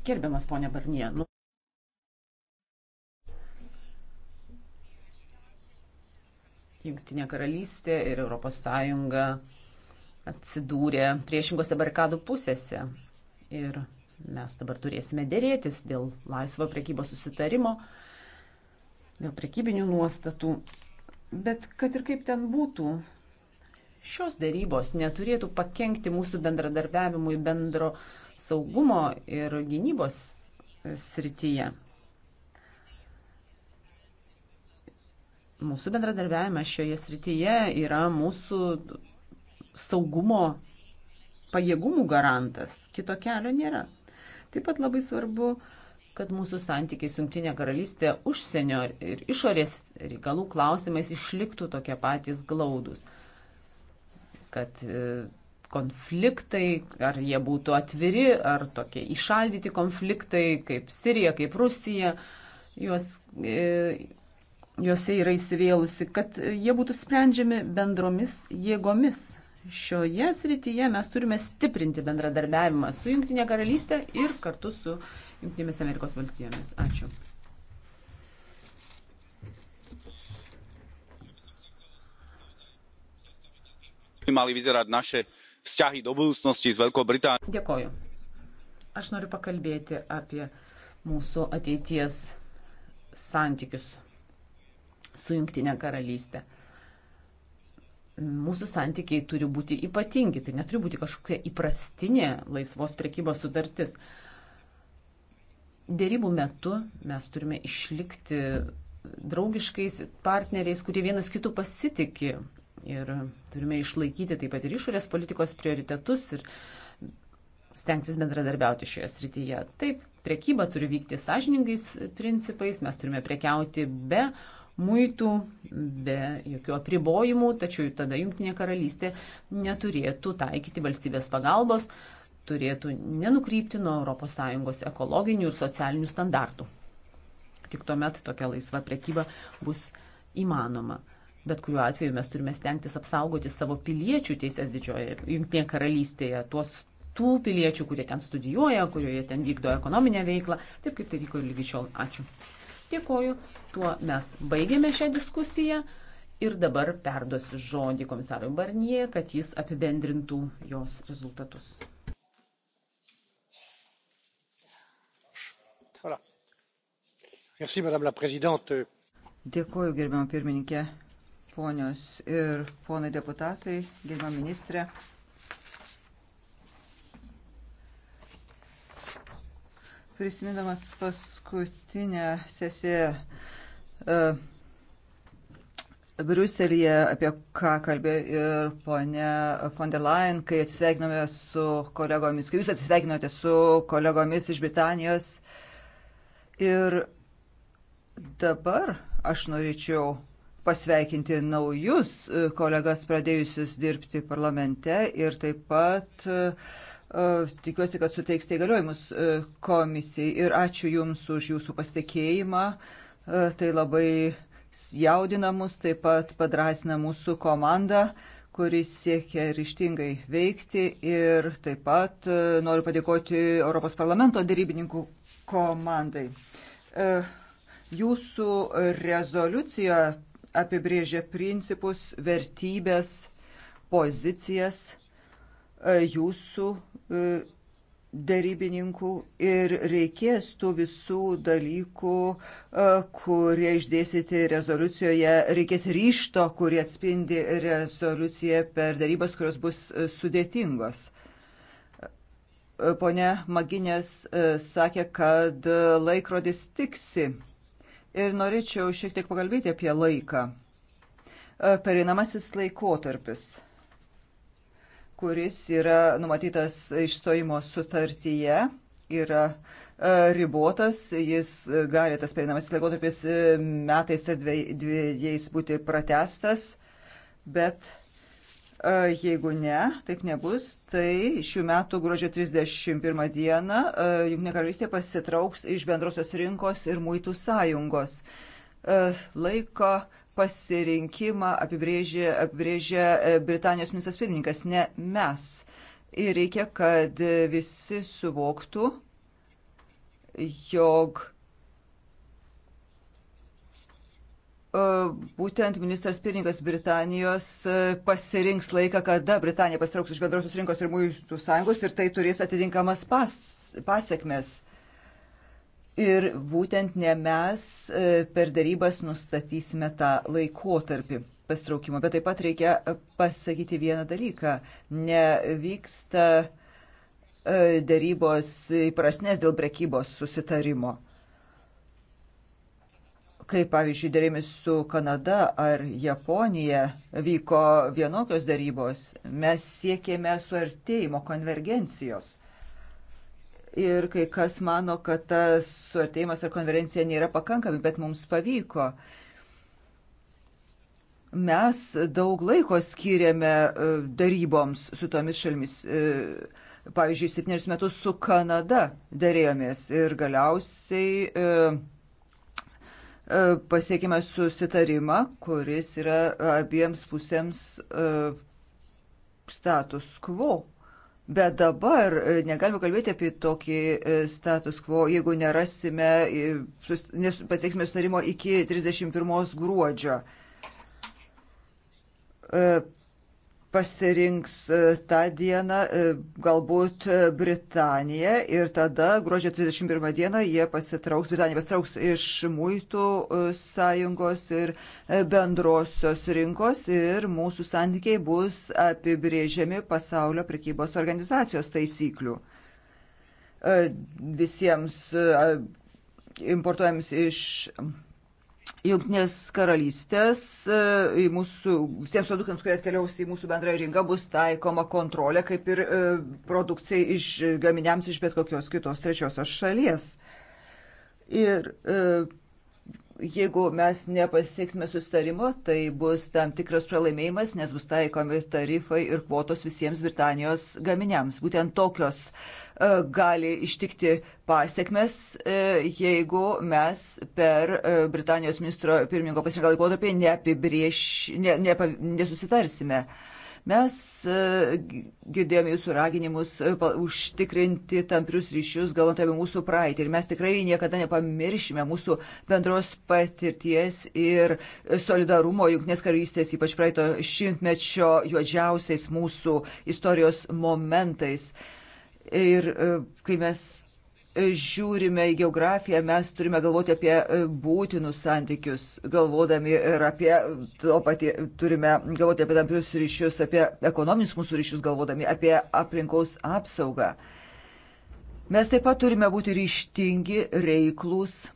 Gerbiamas ponė Barnie, nu, Junktinė karalystė ir ES atsidūrė priešingose barikadų pusėse. Ir Mes dabar turėsime dėrėtis dėl laisvo prekybos susitarimo, dėl prekybinių nuostatų. Bet kad ir kaip ten būtų, šios dėrybos neturėtų pakengti mūsų bendradarbiavimui bendro saugumo ir gynybos srityje. Mūsų bendradarbiavimas šioje srityje yra mūsų saugumo pajėgumų garantas. Kito kelio nėra. Taip pat labai svarbu, kad mūsų santykiai su Junktinė karalystė užsienio ir išorės reikalų klausimais išliktų tokie patys glaudus. Kad e, konfliktai, ar jie būtų atviri, ar tokie įšaldyti konfliktai, kaip Sirija, kaip Rusija, juos, e, juose yra įsivėlusi, kad jie būtų sprendžiami bendromis jėgomis šioje srityje mes turime stiprinti bendradarbiavimą su Junktinė karalystė ir kartu su Junktinėmis Amerikos valstijomis. Ačiū. mali vyzerať naše vzťahy do budúcnosti s Veľkou Britániou. Dėkoju. Aš noriu pakalbėti apie mūsų ateities santykius su Junktinė karalystė mūsų santykiai turi būti ypatingi, tai neturi būti kažkokia įprastinė laisvos prekybos sutartis. Dėrybų metu mes turime išlikti draugiškais partneriais, kurie vienas kitų pasitiki ir turime išlaikyti taip pat ir išorės politikos prioritetus ir stengtis bendradarbiauti šioje srityje. Taip, prekyba turi vykti sąžiningais principais, mes turime prekiauti be muitų, be jokių apribojimų, tačiau tada Junktinė karalystė neturėtų taikyti valstybės pagalbos, turėtų nenukrypti nuo ES ekologinių ir socialinių standartų. Tik tuomet tokia laisva prekyba bus įmanoma. Bet kuriuo atveju mes turime stengtis apsaugoti savo piliečių teisės didžioje Junktinėje karalystėje, tuos tų piliečių, kurie ten studijuoja, kurioje ten vykdo ekonominę veiklą, taip kaip tai vyko ir lygi šiol. Ačiū. Dėkoju, tuo mes baigėme šią diskusiją ir dabar perduosiu žodį komisarui Barnie, kad jis apibendrintų jos rezultatus. Merci, Madame la Présidente. Dėkuoju, gerbiamą pirmininkę, ponios ir ponai deputatai, gerbiamą ministrę. prisimindamas paskutinę sesiją uh, e, Briuselėje, apie ką kalbėjo ir ponė von der Leyen, kai atsisveikinome su kolegomis, kai jūs atsisveikinote su kolegomis iš Britanijos. Ir dabar aš norėčiau pasveikinti naujus kolegas pradėjusius dirbti parlamente ir taip pat E, tikiuosi, kad suteiksite tai įgaliojimus e, komisijai ir ačiū Jums už Jūsų pasitikėjimą. E, tai labai jaudina mus, taip pat padrasina mūsų komandą kuris siekia ryštingai veikti ir taip pat noriu padėkoti Europos parlamento dėrybininkų komandai. Jūsų rezoliucija apibrėžia principus, vertybės, pozicijas E, jūsų e, darybininkų ir reikės tų visų dalykų, e, kurie išdėstyti rezoliucijoje, reikės ryšto, kurie atspindi rezoliuciją per darybas, kurios bus sudėtingos. Pone Maginės sakė, kad laikrodis tiksi ir norėčiau šiek tiek pakalbėti apie laiką. Pereinamasis laikotarpis kuris yra numatytas išstojimo sutartyje, yra e, ribotas, jis gali tas pereinamasis laikotarpis e, metais ar dviejais būti pratestas, bet e, jeigu ne, taip nebus, tai šių metų gruodžio 31 dieną Junktinė karalystė pasitrauks iš bendrosios rinkos ir muitų sąjungos. Laiko pasirinkimą apibrėžė, apibrėžė e, Britanijos ministras pirmininkas, ne mes. Ir reikia, kad visi suvoktų, jog e, būtent ministras pirmininkas Britanijos e, pasirinks laiką, kada Britanija pasitrauks iš bendrosios rinkos ir mūsų sąjungos ir tai turės atitinkamas pas, pasiekmes. Ir būtent ne mes e, per darybas nustatysime tą laikotarpį pastraukimo. Bet taip pat reikia e, pasakyti vieną dalyką. Nevyksta e, darybos įprasnės dėl prekybos susitarimo. Kaip pavyzdžiui, dėrėmis su Kanada ar Japonija vyko vienokios darybos, mes siekėme suartėjimo konvergencijos ir kai kas mano, kad tas suartėjimas ar konferencija nėra pakankami, bet mums pavyko. Mes daug laiko skiriame e, daryboms su tomis šalmis. E, pavyzdžiui, septynerius metus su Kanada darėjomės ir galiausiai e, pasiekime susitarimą, kuris yra abiems pusėms status quo Bet dabar e, negalime kalbėti apie tokį e, status quo, jeigu nerasime, e, pasieksime sutarimo iki 31 gruodžio pasirinks e, tą dieną, e, galbūt e, Britanija ir tada gruodžio 31 dieną jie pasitrauks, Britanija pasitrauks iš muitų sąjungos ir bendrosios rinkos ir mūsų santykiai bus apibrėžiami pasaulio prekybos organizacijos taisyklių. Visiems importuojams iš Junktinės karalystės e, į mūsų, visiems produktams, kurie atkeliaus į mūsų bendrą rinką, bus taikoma kontrolė, kaip ir e, produkcijai iš gaminiams iš bet kokios kitos trečiosios šalies. Ir e, jeigu mes nepasieksime sustarimo, tai bus tam tikras pralaimėjimas, nes bus taikomi tarifai ir kvotos visiems Britanijos gaminiams. Būtent tokios e, gali ištikti pasiekmes, e, jeigu mes per e, Britanijos ministro pirmininko pasirinktą laikotarpį ne, ne, nesusitarsime. Ne Mes e, girdėjome jūsų raginimus e, užtikrinti tamprius ryšius, galvant apie mūsų praeitį. Ir mes tikrai niekada nepamiršime mūsų bendros patirties ir solidarumo Junknės karalystės, ypač praeito šimtmečio juodžiausiais mūsų istorijos momentais. Ir e, kai mes žiūrime į geografiją, mes turime galvoti apie e, būtinus santykius, galvodami ir apie to patį, turime galvoti apie tamprius ryšius, apie ekonominius mūsų ryšius, galvodami apie aplinkos apsaugą. Mes taip pat turime būti ryštingi, reiklus.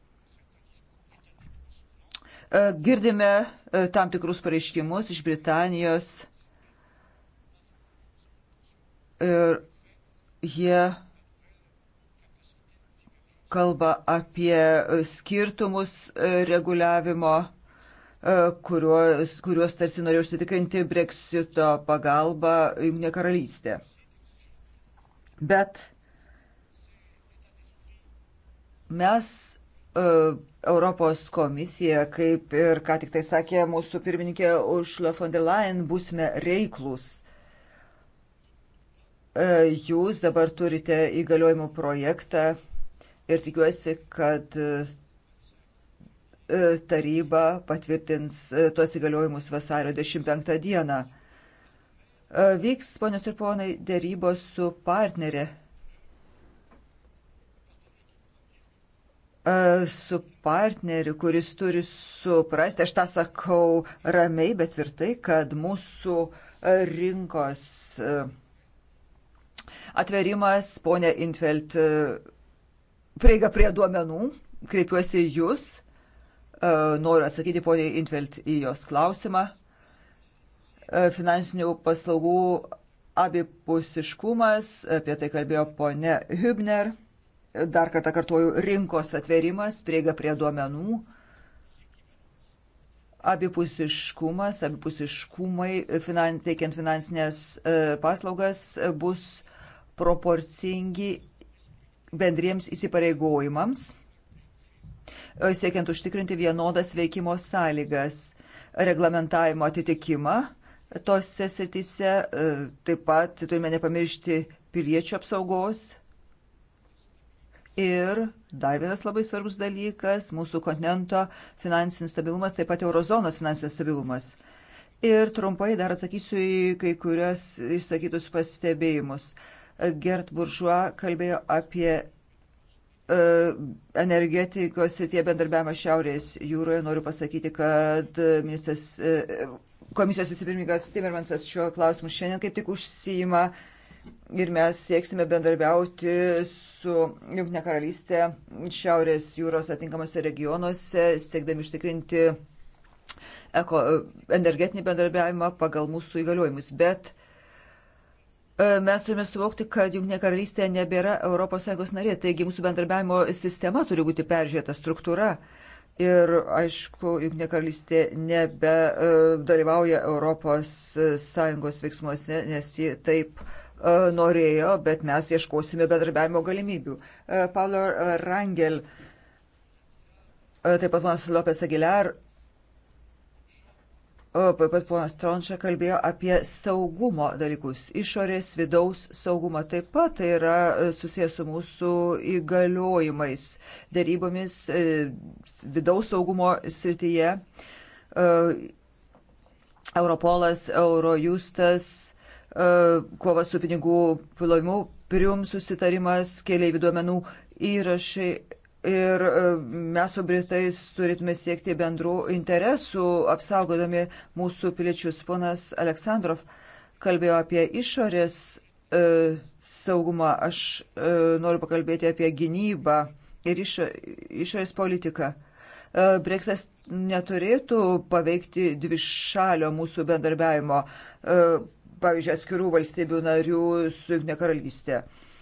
E, girdime e, tam tikrus pareiškimus iš Britanijos ir jie kalba apie e, skirtumus e, reguliavimo, e, kuriuos, kuriuos tarsi norėjo užsitikrinti breksito pagalba Junktinė karalystė. Bet mes Europos komisija, kaip ir ką tik tai sakė mūsų pirmininkė Ušla von der Leyen, būsime reiklus. Jūs dabar turite įgaliojimų projektą ir tikiuosi, kad e, taryba patvirtins e, tuos įgaliojimus vasario 25 dieną. E, vyks, ponios ir ponai, dėrybos su partnerė. Su partneriu, kuris turi suprasti, aš tą sakau ramiai, bet tvirtai, kad mūsų rinkos atverimas, ponė Infeld, prieiga prie duomenų, kreipiuosi jūs, e, noriu atsakyti poniai Infeld į jos klausimą. E, finansinių paslaugų abipusiškumas, apie tai kalbėjo ponė Hübner. Dar kartą kartuoju, rinkos atverimas, prieiga prie duomenų, abipusiškumas, abipusiškumai finan, teikiant finansinės e, paslaugas bus proporcingi bendriems įsipareigojimams, e, siekiant užtikrinti vienodas veikimo sąlygas, reglamentavimo atitikimą tose srityse, e, taip pat turime nepamiršti piliečių apsaugos. Ir dar vienas labai svarbus dalykas - mūsų kontinento finansinis stabilumas, taip pat eurozonos finansinis stabilumas. Ir trumpai dar atsakysiu į kai kurias išsakytus pastebėjimus. Uh, Gert Buržuo kalbėjo apie e, energetikos srityje bendarbiavimą Šiaurės jūroje. Noriu pasakyti, kad ministras, e, komisijos vicepirmininkas Timermansas šiuo klausimu šiandien kaip tik užsijima ir mes sieksime bendarbiauti su Junktinė karalystė Šiaurės jūros atinkamose regionuose, siekdami ištikrinti eko, energetinį bendarbiavimą pagal mūsų įgaliojimus. Bet uh, E, mes turime suvokti, kad Junktinė karalystė nebėra ES narė, taigi mūsų bendrabiavimo sistema turi būti peržiūrėta struktūra. Ir aišku, Junktinė karalystė nebedalyvauja e, ES veiksmuose, nes ji taip e, norėjo, bet mes ieškosime bendrabiavimo galimybių. Paulo Rangel, taip pat Manas Lopes Aguilar pat ponas Trončia kalbėjo apie saugumo dalykus, išorės, vidaus saugumą. Taip pat tai yra e, susijęs su mūsų įgaliojimais, darybomis e, vidaus saugumo srityje. E, Europolas, Eurojustas, kova su pinigų plovimu, prium susitarimas, keliaivių duomenų įrašai ir e, mes su Britais turėtume siekti bendrų interesų, apsaugodami mūsų piliečius. Ponas Aleksandrov kalbėjo apie išorės e, saugumą, aš e, noriu pakalbėti apie gynybą ir iš, išorės politiką. E, Brexitas neturėtų paveikti dvišalio mūsų bendarbiavimo, e, pavyzdžiui, atskirų valstybių narių su Junkne karalystė. E,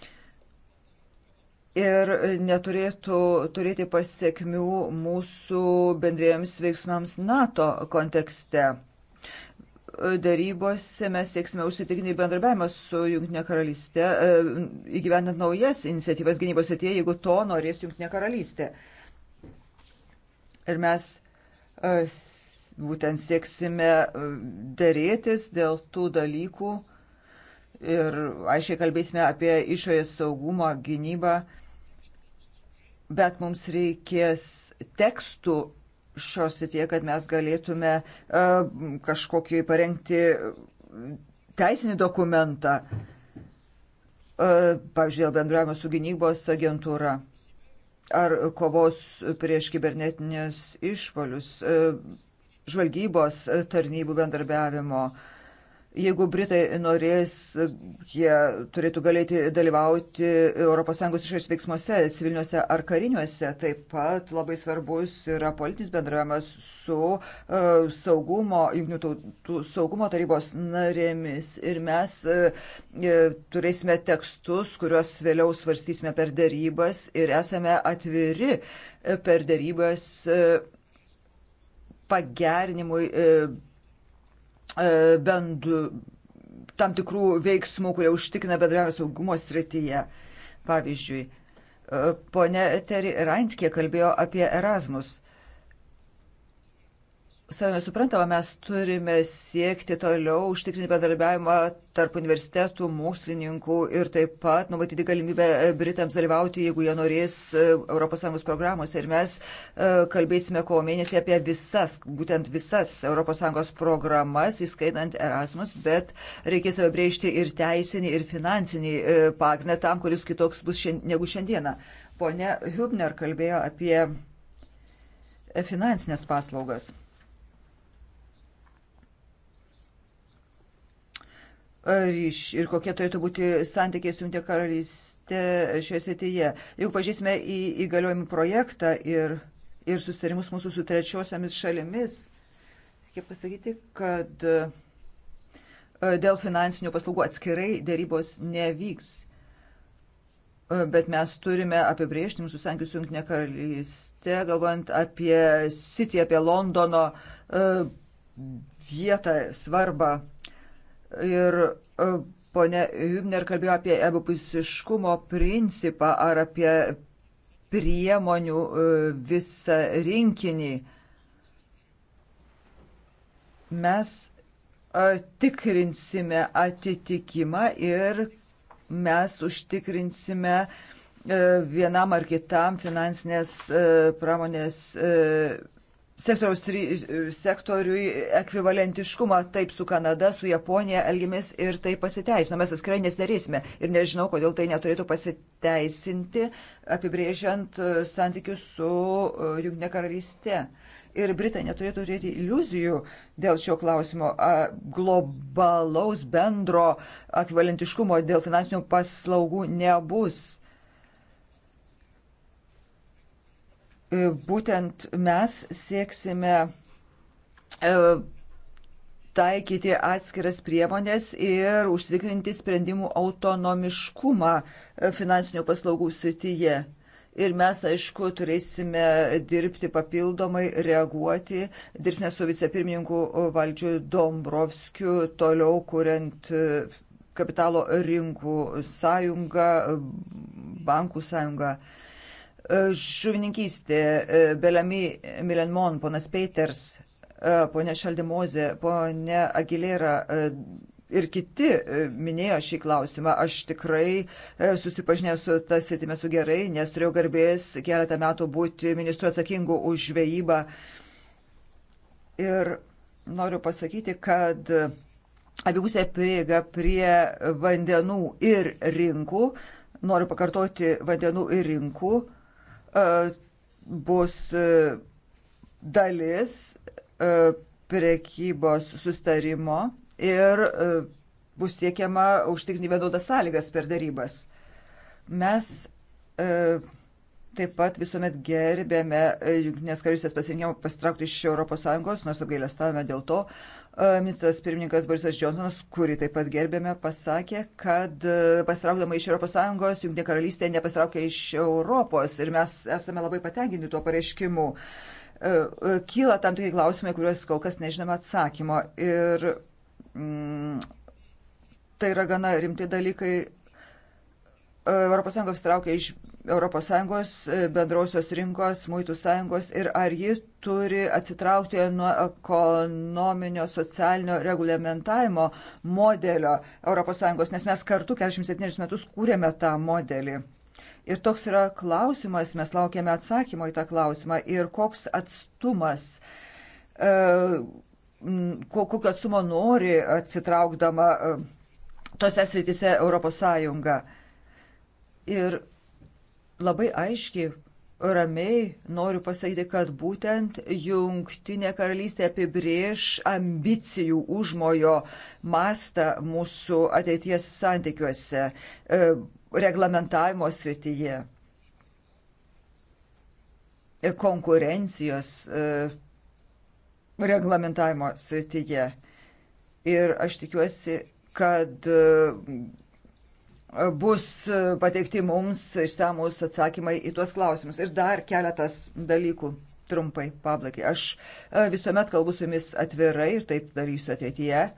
ir neturėtų turėti pasiekmių mūsų bendrėjams veiksmams NATO kontekste. Darybose mes sieksime užsitikrinti bendrabiavimą su Junktinė karalystė, e, įgyvendant naujas iniciatyvas gynybos atėje, jeigu to norės Junktinė karalystė. Ir mes e, būtent sieksime e, dėrėtis dėl tų dalykų ir aiškiai kalbėsime apie išorės saugumą, gynybą bet mums reikės tekstų šios sitie, kad mes galėtume e, kažkokį parengti teisinį dokumentą, e, pavyzdžiui, dėl bendravimo su gynybos agentūra ar kovos prieš kibernetinius išpolius, e, žvalgybos tarnybų bendarbiavimo, Jeigu Britai norės, jie turėtų galėti dalyvauti ES išorės veiksmuose, civiliniuose ar kariniuose. Taip pat labai svarbus yra politinis bendravimas su uh, saugumo, jungtinių tautų saugumo tarybos narėmis. Ir mes uh, turėsime tekstus, kuriuos vėliau svarstysime per darybas ir esame atviri per darybas uh, pagerinimui. Uh, E, bend, tam tikrų veiksmų, kurie užtikrina bendravimą saugumo srityje. Pavyzdžiui, e, ponė Teri Rankė kalbėjo apie Erasmus savame suprantama, mes turime siekti toliau užtikrinti bendarbiavimą tarp universitetų, mokslininkų ir taip pat numatyti galimybę Britams dalyvauti, jeigu jie norės ES programuose. Ir mes e, kalbėsime kovo mėnesį apie visas, būtent visas ES programas, įskaitant Erasmus, bet reikės apibrėžti ir teisinį, ir finansinį e, pagrindą tam, kuris kitoks bus šiandien, negu šiandieną. Pone Hübner kalbėjo apie finansinės paslaugas. ryš ir kokie turėtų būti santykiai su Junktinė karalystė šioje srityje. Jeigu pažįsime į įgaliojimų projektą ir, ir susitarimus mūsų su trečiosiamis šalimis, reikia pasakyti, kad e, dėl finansinių paslaugų atskirai dėrybos nevyks. E, bet mes turime apibriežti mūsų santykius su Junktinė karalystė, galvojant apie City, apie Londono e, vietą, svarbą Ir e, ponė Hübner kalbėjo apie abipusiškumo principą ar apie priemonių e, visą rinkinį. Mes e, tikrinsime atitikimą ir mes užtikrinsime vienam ar kitam finansinės pramonės sektoriaus e, sektoriui ekvivalentiškumą taip su Kanada, su Japonija elgiamės ir tai pasiteisino. Mes atskirai nesidarysime ir nežinau, kodėl tai neturėtų pasiteisinti, apibrėžiant e, santykius su e, Junkne karalystė. Ir Britai neturėtų turėti iliuzijų dėl šio klausimo a, globalaus bendro ekvivalentiškumo dėl finansinių paslaugų nebus E, būtent mes sieksime e, taikyti atskiras priemonės ir užtikrinti sprendimų autonomiškumą e, finansinių paslaugų srityje. Ir mes, aišku, turėsime dirbti papildomai, reaguoti, dirbti su vicepirmininku valdžiu Dombrovskiu, toliau kuriant kapitalo rinkų sąjungą, bankų sąjungą. E, žuvininkystė, e, Belami Milenmon, ponas Peters, e, ponė Šaldimozė, ponė Agilėra ir kiti minėjo šį klausimą. Aš tikrai susipažinęs su tą sėtimę su gerai, nes turėjau garbės keletą metų būti ministru atsakingu už žvejybą. Ir noriu pasakyti, kad abipusė prieiga prie vandenų ir rinkų, noriu pakartoti vandenų ir rinkų, bus dalis prekybos sustarimo ir bus siekiama užtikrinti vienodas sąlygas per darybas. Mes Taip pat visuomet gerbėme e, Junktinės karalystės pasirinkimą pasitraukti iš ES, nors apgailestavome dėl to. E, ministras pirmininkas Borisas Johnsonas, kurį taip pat gerbėme, pasakė, kad e, pasitraukdama iš ES, Junktinė karalystė nepasitraukė iš Europos ir mes esame labai patenkinti tuo pareiškimu. Kyla tam tikrai klausimai, kuriuos kol kas nežinome atsakymo. Ir mm, tai yra gana rimti dalykai. ES pasitraukė iš ES e, bendrausios rinkos, muitų sąjungos ir ar ji turi atsitraukti nuo ekonominio socialinio reglamentavimo modelio ES, nes mes kartu 47 metus kūrėme tą modelį. Ir toks yra klausimas, mes laukiame atsakymo į tą klausimą ir koks atstumas. E, kokio atstumo nori atsitraukdama e, tose sritise Europos Sąjunga. Ir labai aiškiai, ramiai noriu pasakyti, kad būtent jungtinė karalystė apibrėž ambicijų užmojo mastą mūsų ateities santykiuose, e, reglamentavimo srityje, e, konkurencijos e, reglamentavimo srityje. Ir aš tikiuosi, kad bus e, pateikti mums išsamus atsakymai į tuos klausimus. Ir dar keletas dalykų trumpai pablakiai. Aš e, visuomet kalbu su jumis atvirai ir taip darysiu ateityje. E,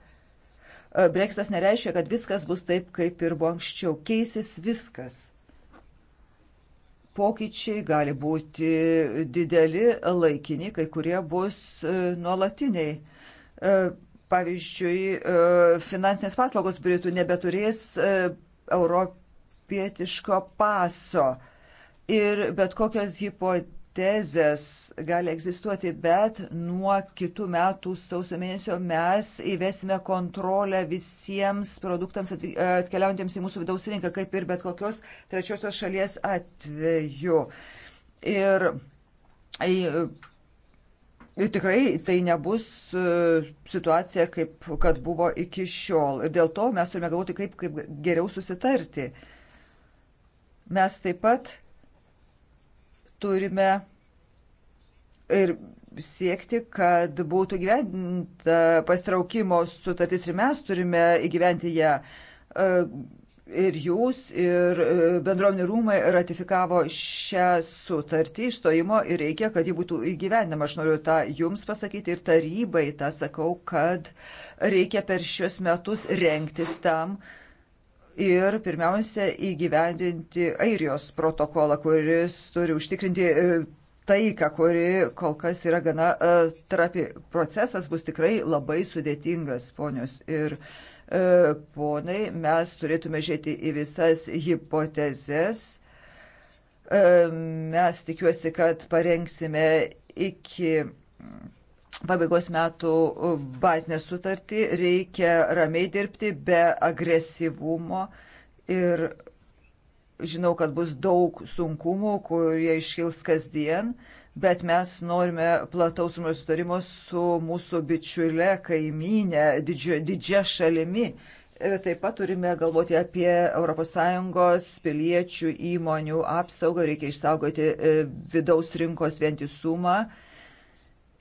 Brexitas nereiškia, kad viskas bus taip, kaip ir buvo anksčiau. Keisis viskas. Pokyčiai gali būti dideli, laikini, kai kurie bus nuolatiniai. Pavyzdžiui, finansinės paslaugos Britų nebeturės europietiško paso. Ir bet kokios hipotezės gali egzistuoti, bet nuo kitų metų sausio mėnesio mes įvesime kontrolę visiems produktams e, atkeliaujantiems į mūsų vidaus rinką, kaip ir bet kokios trečiosios šalies atveju. Ir e, Ir tikrai tai nebus e, situacija, kaip kad buvo iki šiol. Ir dėl to mes turime galvoti, kaip, kaip geriau susitarti. Mes taip pat turime ir siekti, kad būtų gyventa pastraukimo sutartis ir mes turime įgyventi ją e, ir jūs, ir e, bendruomenių rūmai ratifikavo šią sutartį išstojimo ir reikia, kad ji būtų įgyvendama. Aš noriu tą jums pasakyti ir tarybai tą sakau, kad reikia per šios metus renktis tam ir pirmiausia įgyvendinti Airijos protokolą, kuris turi užtikrinti e, taiką, kuri kol kas yra gana e, trapi. Procesas bus tikrai labai sudėtingas, ponios ir ponios E, ponai, mes turėtume žiūrėti į visas hipotezes. E, mes tikiuosi, kad parengsime iki pabaigos metų bazinę sutartį. Reikia ramiai dirbti be agresyvumo ir Žinau, kad bus daug sunkumų, kurie iškils kasdien, bet mes norime plataus susitarimo su mūsų bičiule, kaimynė, didžia, didžia šalimi. E, taip pat turime galvoti apie ES piliečių įmonių apsaugą, reikia išsaugoti e, vidaus rinkos vientisumą.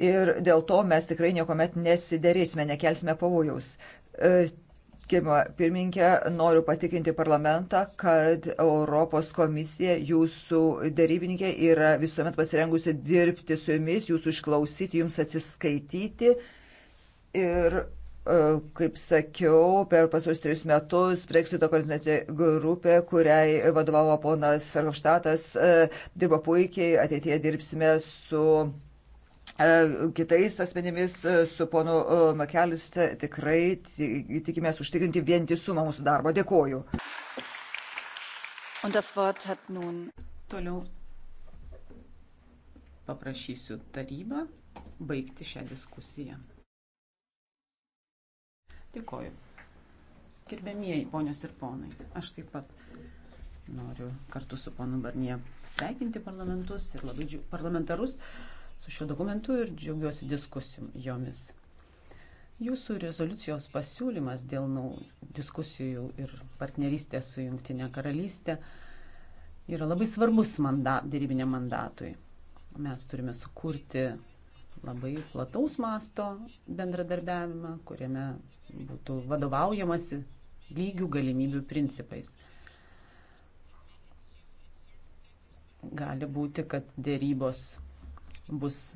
Ir dėl to mes tikrai niekuomet nesiderėsime, nekelsime pavojaus. E, Kirma pirmininkė, noriu patikinti parlamentą, kad Europos komisija, jūsų darybininkė, yra visuomet pasirengusi dirbti su jumis, jūsų išklausyti, jums atsiskaityti. Ir, e, kaip sakiau, per pasus tris metus Brexito koordinacijų grupė, kuriai vadovavo ponas Ferhofštatas, e, dirba puikiai, ateityje dirbsime su E, kitais asmenimis e, su ponu e, Makelis tikrai tikimės užtikrinti vientisumą mūsų darbo. Dėkoju. Nun... Toliau paprašysiu tarybą baigti šią diskusiją. Dėkoju. Gerbėmieji ponios ir ponai, aš taip pat noriu kartu su ponu Barnie sveikinti parlamentus ir labai džiu, parlamentarus. Uh, su šiuo dokumentu ir džiaugiuosi diskusijomis. Jūsų rezoliucijos pasiūlymas dėl nau, diskusijų ir partnerystės su Junktinė karalystė yra labai svarbus manda, dėrybiniam mandatui. Mes turime sukurti labai plataus masto bendradarbiavimą, kuriame būtų vadovaujamasi lygių galimybių principais. Gali būti, kad dėrybos bus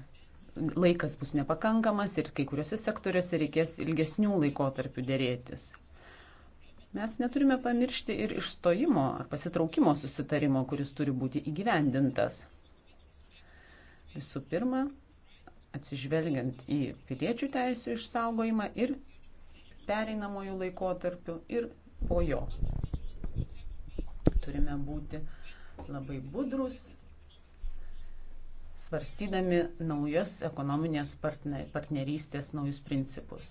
laikas bus nepakankamas ir kai kuriuose sektoriuose reikės ilgesnių laikotarpių dėrėtis. Mes neturime pamiršti ir išstojimo ar pasitraukimo susitarimo, kuris turi būti įgyvendintas. Visų pirma, atsižvelgiant į piliečių teisų išsaugojimą ir pereinamojų laikotarpių ir po jo. Turime būti labai budrus svarstydami naujos ekonominės partnerystės naujus principus.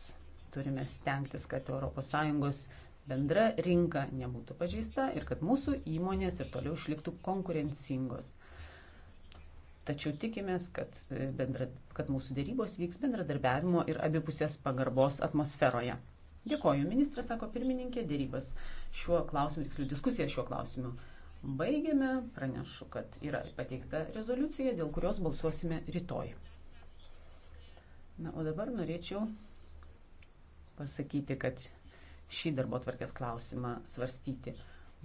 Turime stengtis, kad ES bendra rinka nebūtų pažeista ir kad mūsų įmonės ir toliau išliktų konkurencingos. Tačiau tikimės, kad, e, bendra, kad mūsų dėrybos vyks bendradarbiavimo ir abipusės pagarbos atmosferoje. Dėkoju, ministras, sako pirmininkė, dėrybas šiuo klausimu, tiksliau diskusiją šiuo klausimu baigiame. Pranešu, kad yra pateikta rezoliucija, dėl kurios balsuosime rytoj. Na, o dabar norėčiau pasakyti, kad šį darbo tvarkės klausimą svarstyti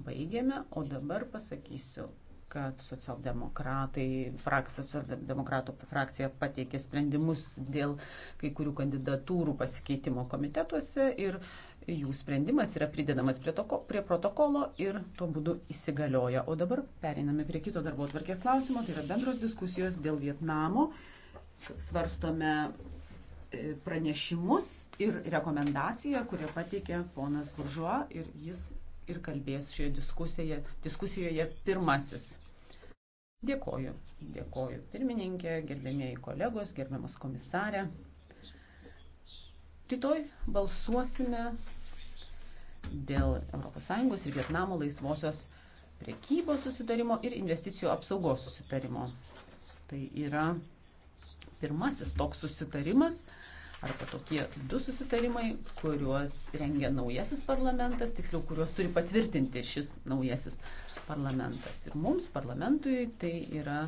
baigiame, o dabar pasakysiu, kad socialdemokratai, frak, socialdemokratų frakcija pateikė sprendimus dėl kai kurių kandidatūrų pasikeitimo komitetuose ir jų sprendimas yra pridedamas prie, toko, prie protokolo ir tuo būdu įsigalioja. O dabar pereiname prie kito darbo atvarkės klausimo, tai yra bendros diskusijos dėl Vietnamo. Svarstome e, pranešimus ir rekomendaciją, kurią pateikė ponas Buržuo ir jis ir kalbės šioje diskusijoje, diskusijoje pirmasis. Dėkoju, dėkoju pirmininkė, gerbėmėjai kolegos, gerbiamas komisarė. Rytoj balsuosime dėl ES ir Vietnamo laisvosios prekybos susitarimo ir investicijų apsaugos susitarimo. Tai yra pirmasis toks susitarimas arba tokie du susitarimai, kuriuos rengia naujasis parlamentas, tiksliau, kuriuos turi patvirtinti šis naujasis parlamentas. Ir mums, parlamentui, tai yra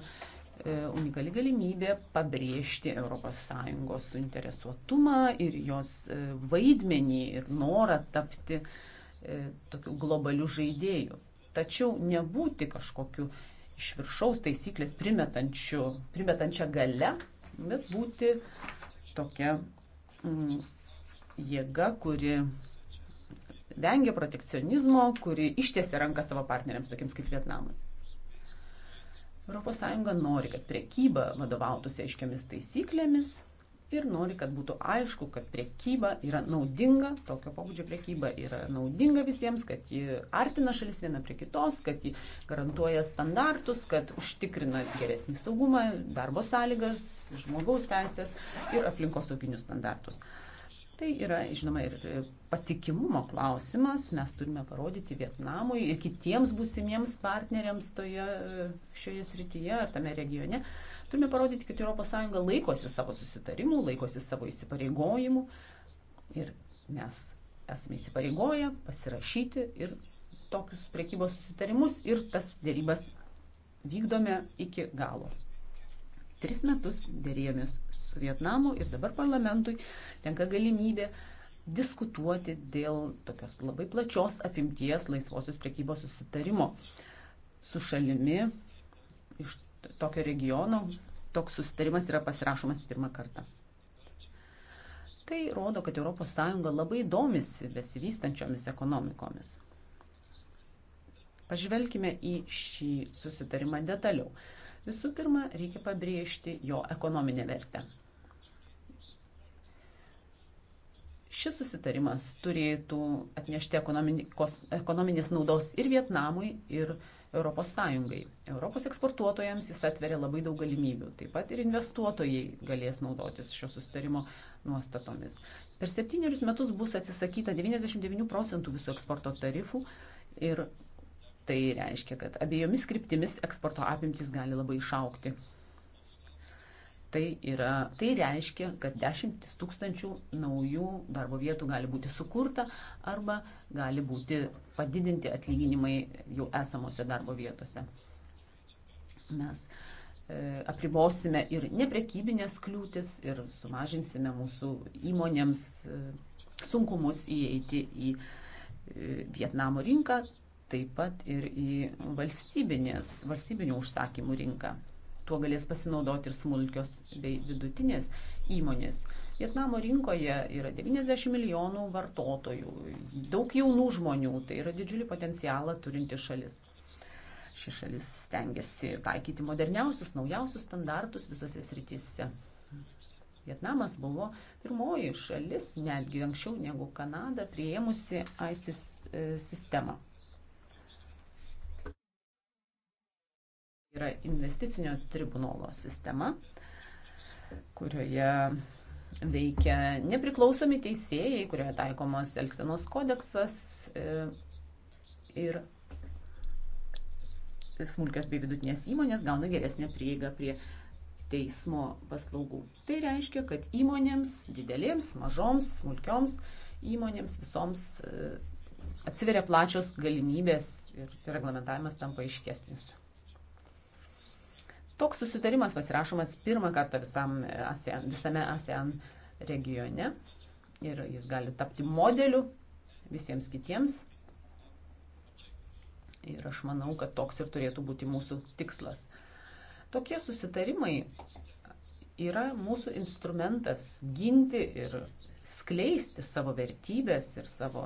E, unikali galimybė pabrėžti ES suinteresuotumą ir jos e, vaidmenį ir norą tapti e, tokiu globaliu žaidėju. Tačiau nebūti kažkokiu iš viršaus taisyklės primetančia gale, bet būti tokia mm, jėga, kuri vengia protekcionizmo, kuri ištiesia ranką savo partneriams, tokiems kaip Vietnamas. ES nori, kad priekyba vadovautųsi aiškiamis taisyklėmis ir nori, kad būtų aišku, kad priekyba yra naudinga, tokio pobūdžio priekyba yra naudinga visiems, kad ji artina šalis viena prie kitos, kad ji garantuoja standartus, kad užtikrina geresnį saugumą, darbo sąlygas, žmogaus teisės ir aplinkosauginius standartus. Uh, Tai yra, žinoma, ir patikimumo klausimas. Mes turime parodyti Vietnamui ir kitiems būsimiems partneriams toje, šioje srityje ar tame regione. Turime parodyti, kad ES laikosi savo susitarimų, laikosi savo įsipareigojimų. Ir mes esame įsipareigoję pasirašyti ir tokius priekybos susitarimus ir tas dėrybas vykdome iki galo. Tris metus dėrėjomės su Vietnamu ir dabar parlamentui tenka galimybė diskutuoti dėl tokios labai plačios apimties laisvosios priekybos susitarimo su šalimi iš tokio regiono. Toks susitarimas yra pasirašomas pirmą kartą. Tai rodo, kad ES labai domisi besivystančiomis ekonomikomis. Pažvelkime į šį susitarimą detaliau. Visų pirma, reikia pabrėžti jo ekonominę vertę. Šis susitarimas turėtų atnešti ekonominės naudos ir Vietnamui, ir ES. Europos eksportuotojams jis atveria labai daug galimybių. Taip pat ir investuotojai galės naudotis šio susitarimo nuostatomis. Per septynerius metus bus atsisakyta 99 procentų visų eksporto tarifų ir Tai reiškia, kad abiejomis kryptimis eksporto apimtis gali labai išaukti. Tai, yra, tai reiškia, kad dešimtis tūkstančių naujų darbo vietų gali būti sukurta arba gali būti padidinti atlyginimai jau esamose darbo vietose. Mes e, apribosime ir neprekybinės kliūtis ir sumažinsime mūsų įmonėms e, sunkumus įeiti į e, Vietnamo rinką, taip pat ir į valstybinių užsakymų rinką. Tuo galės pasinaudoti ir smulkios bei vidutinės įmonės. Vietnamo rinkoje yra 90 milijonų vartotojų, daug jaunų žmonių, tai yra didžiulį potencialą turinti šalis. Ši šalis stengiasi taikyti moderniausius, naujausius standartus visose srityse. Vietnamas buvo pirmoji šalis, netgi anksčiau negu Kanada, prieimusi ISIS e, sistemą. yra investicinio tribunolo sistema, kurioje veikia nepriklausomi teisėjai, kurioje taikomas Elksenos kodeksas e, ir smulkios bei vidutinės įmonės gauna geresnę prieigą prie teismo paslaugų. Tai reiškia, kad įmonėms, didelėms, mažoms, smulkioms įmonėms visoms e, atsiveria plačios galimybės ir reglamentavimas tampa aiškesnis. Toks susitarimas pasirašomas pirmą kartą visam e, ASEAN, visame ASEAN regione ir jis gali tapti modeliu visiems kitiems. Ir aš manau, kad toks ir turėtų būti mūsų tikslas. Tokie susitarimai yra mūsų instrumentas ginti ir skleisti savo vertybės ir savo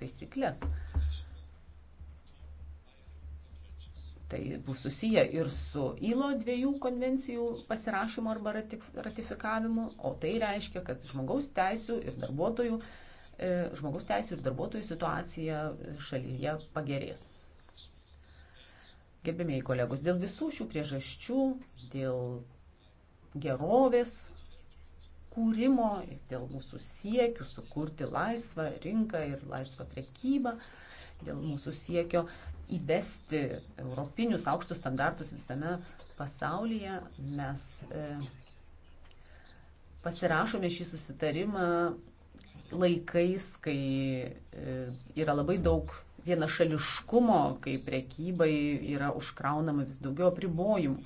taisyklės. Tai bus susiję ir su ILO dviejų konvencijų pasirašymu arba ratifikavimu, o tai reiškia, kad žmogaus teisų ir darbuotojų, e, žmogaus teisų ir darbuotojų situacija e, šalyje pagerės. Gerbėmiai kolegos, dėl visų šių priežasčių, dėl gerovės kūrimo, dėl mūsų siekių sukurti laisvą rinką ir laisvą prekybą, dėl mūsų siekio įvesti europinius aukštus standartus visame pasaulyje. Mes e, pasirašome šį susitarimą laikais, kai e, yra labai daug vienašališkumo, kai prekybai yra užkraunama vis daugiau apribojimų.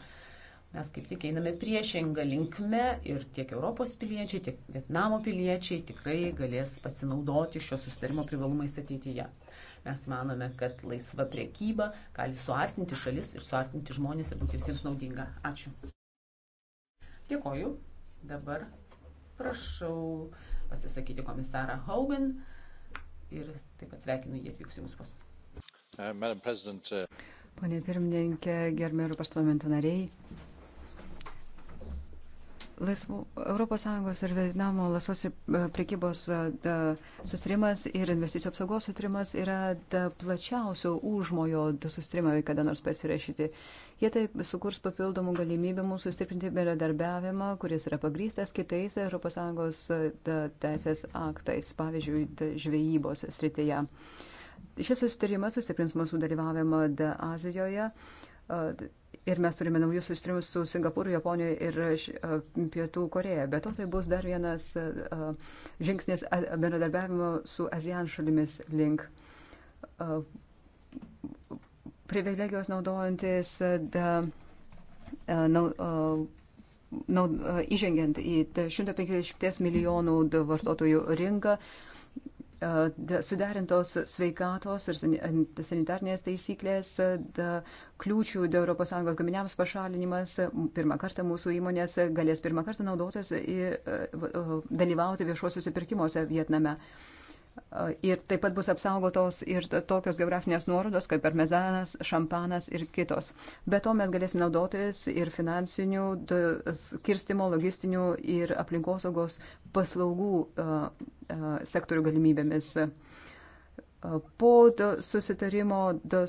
Mes kaip tik einame priešingą linkmę ir tiek Europos piliečiai, tiek Vietnamo piliečiai tikrai galės pasinaudoti šio susitarimo privalumais ateityje. Mes manome, kad laisva priekyba gali suartinti šalis ir suartinti žmonės ir būti visiems naudinga. Ačiū. Dėkoju. Dabar prašau pasisakyti komisarą Hogan ir taip pat sveikinu jį atvykus į mūsų postą. Pone pirmininkė, gerbėjai Europos parlamento nariai, Laisvų, ES ir Vietnamo laisvos e, prekybos e, sustarimas ir investicijų apsaugos sustarimas yra plačiausio užmojo sustarimai kada nors pasirašyti. Jie taip sukurs papildomų galimybių mūsų stiprinti bendradarbiavimą, kuris yra pagrystas kitais ES e, teisės aktais, pavyzdžiui, žvejybos srityje. Šis sustarimas sustiprins mūsų dalyvavimą Azijoje Ir mes turime naujus susitrimus su Singapūru, Japonija ir e, Pietų Koreja. Bet to tai bus dar vienas e, e, žingsnis bendradarbiavimo su ASEAN šalimis link. Privilegijos naudojantis, da, na, na, įžengiant į 150 milijonų vartotojų rinką, uh, E, suderintos sveikatos ir e, sanitarnės taisyklės, e, kliūčių dėl ES gaminiams pašalinimas, pirmą kartą mūsų įmonės galės pirmą kartą naudotis, dalyvauti viešuosiuose pirkimuose Vietname. Ir taip pat bus apsaugotos ir tokios geografinės nuorodos, kaip parmezanas, šampanas ir kitos. Be to mes galėsim naudotis ir finansinių, skirstimo, logistinių ir aplinkosaugos paslaugų sektorių galimybėmis. Po susitarimo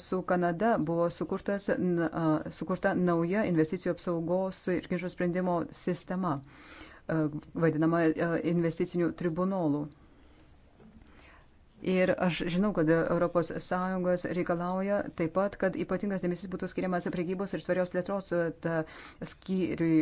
su Kanada buvo sukurtas, sukurta nauja investicijų apsaugos ir ginčių sprendimo sistema, vadinama investicinių tribunolų. Ir aš žinau, kad ES reikalauja taip pat, kad ypatingas dėmesys būtų skiriamas prekybos ir tvarios plėtros e, skyriui,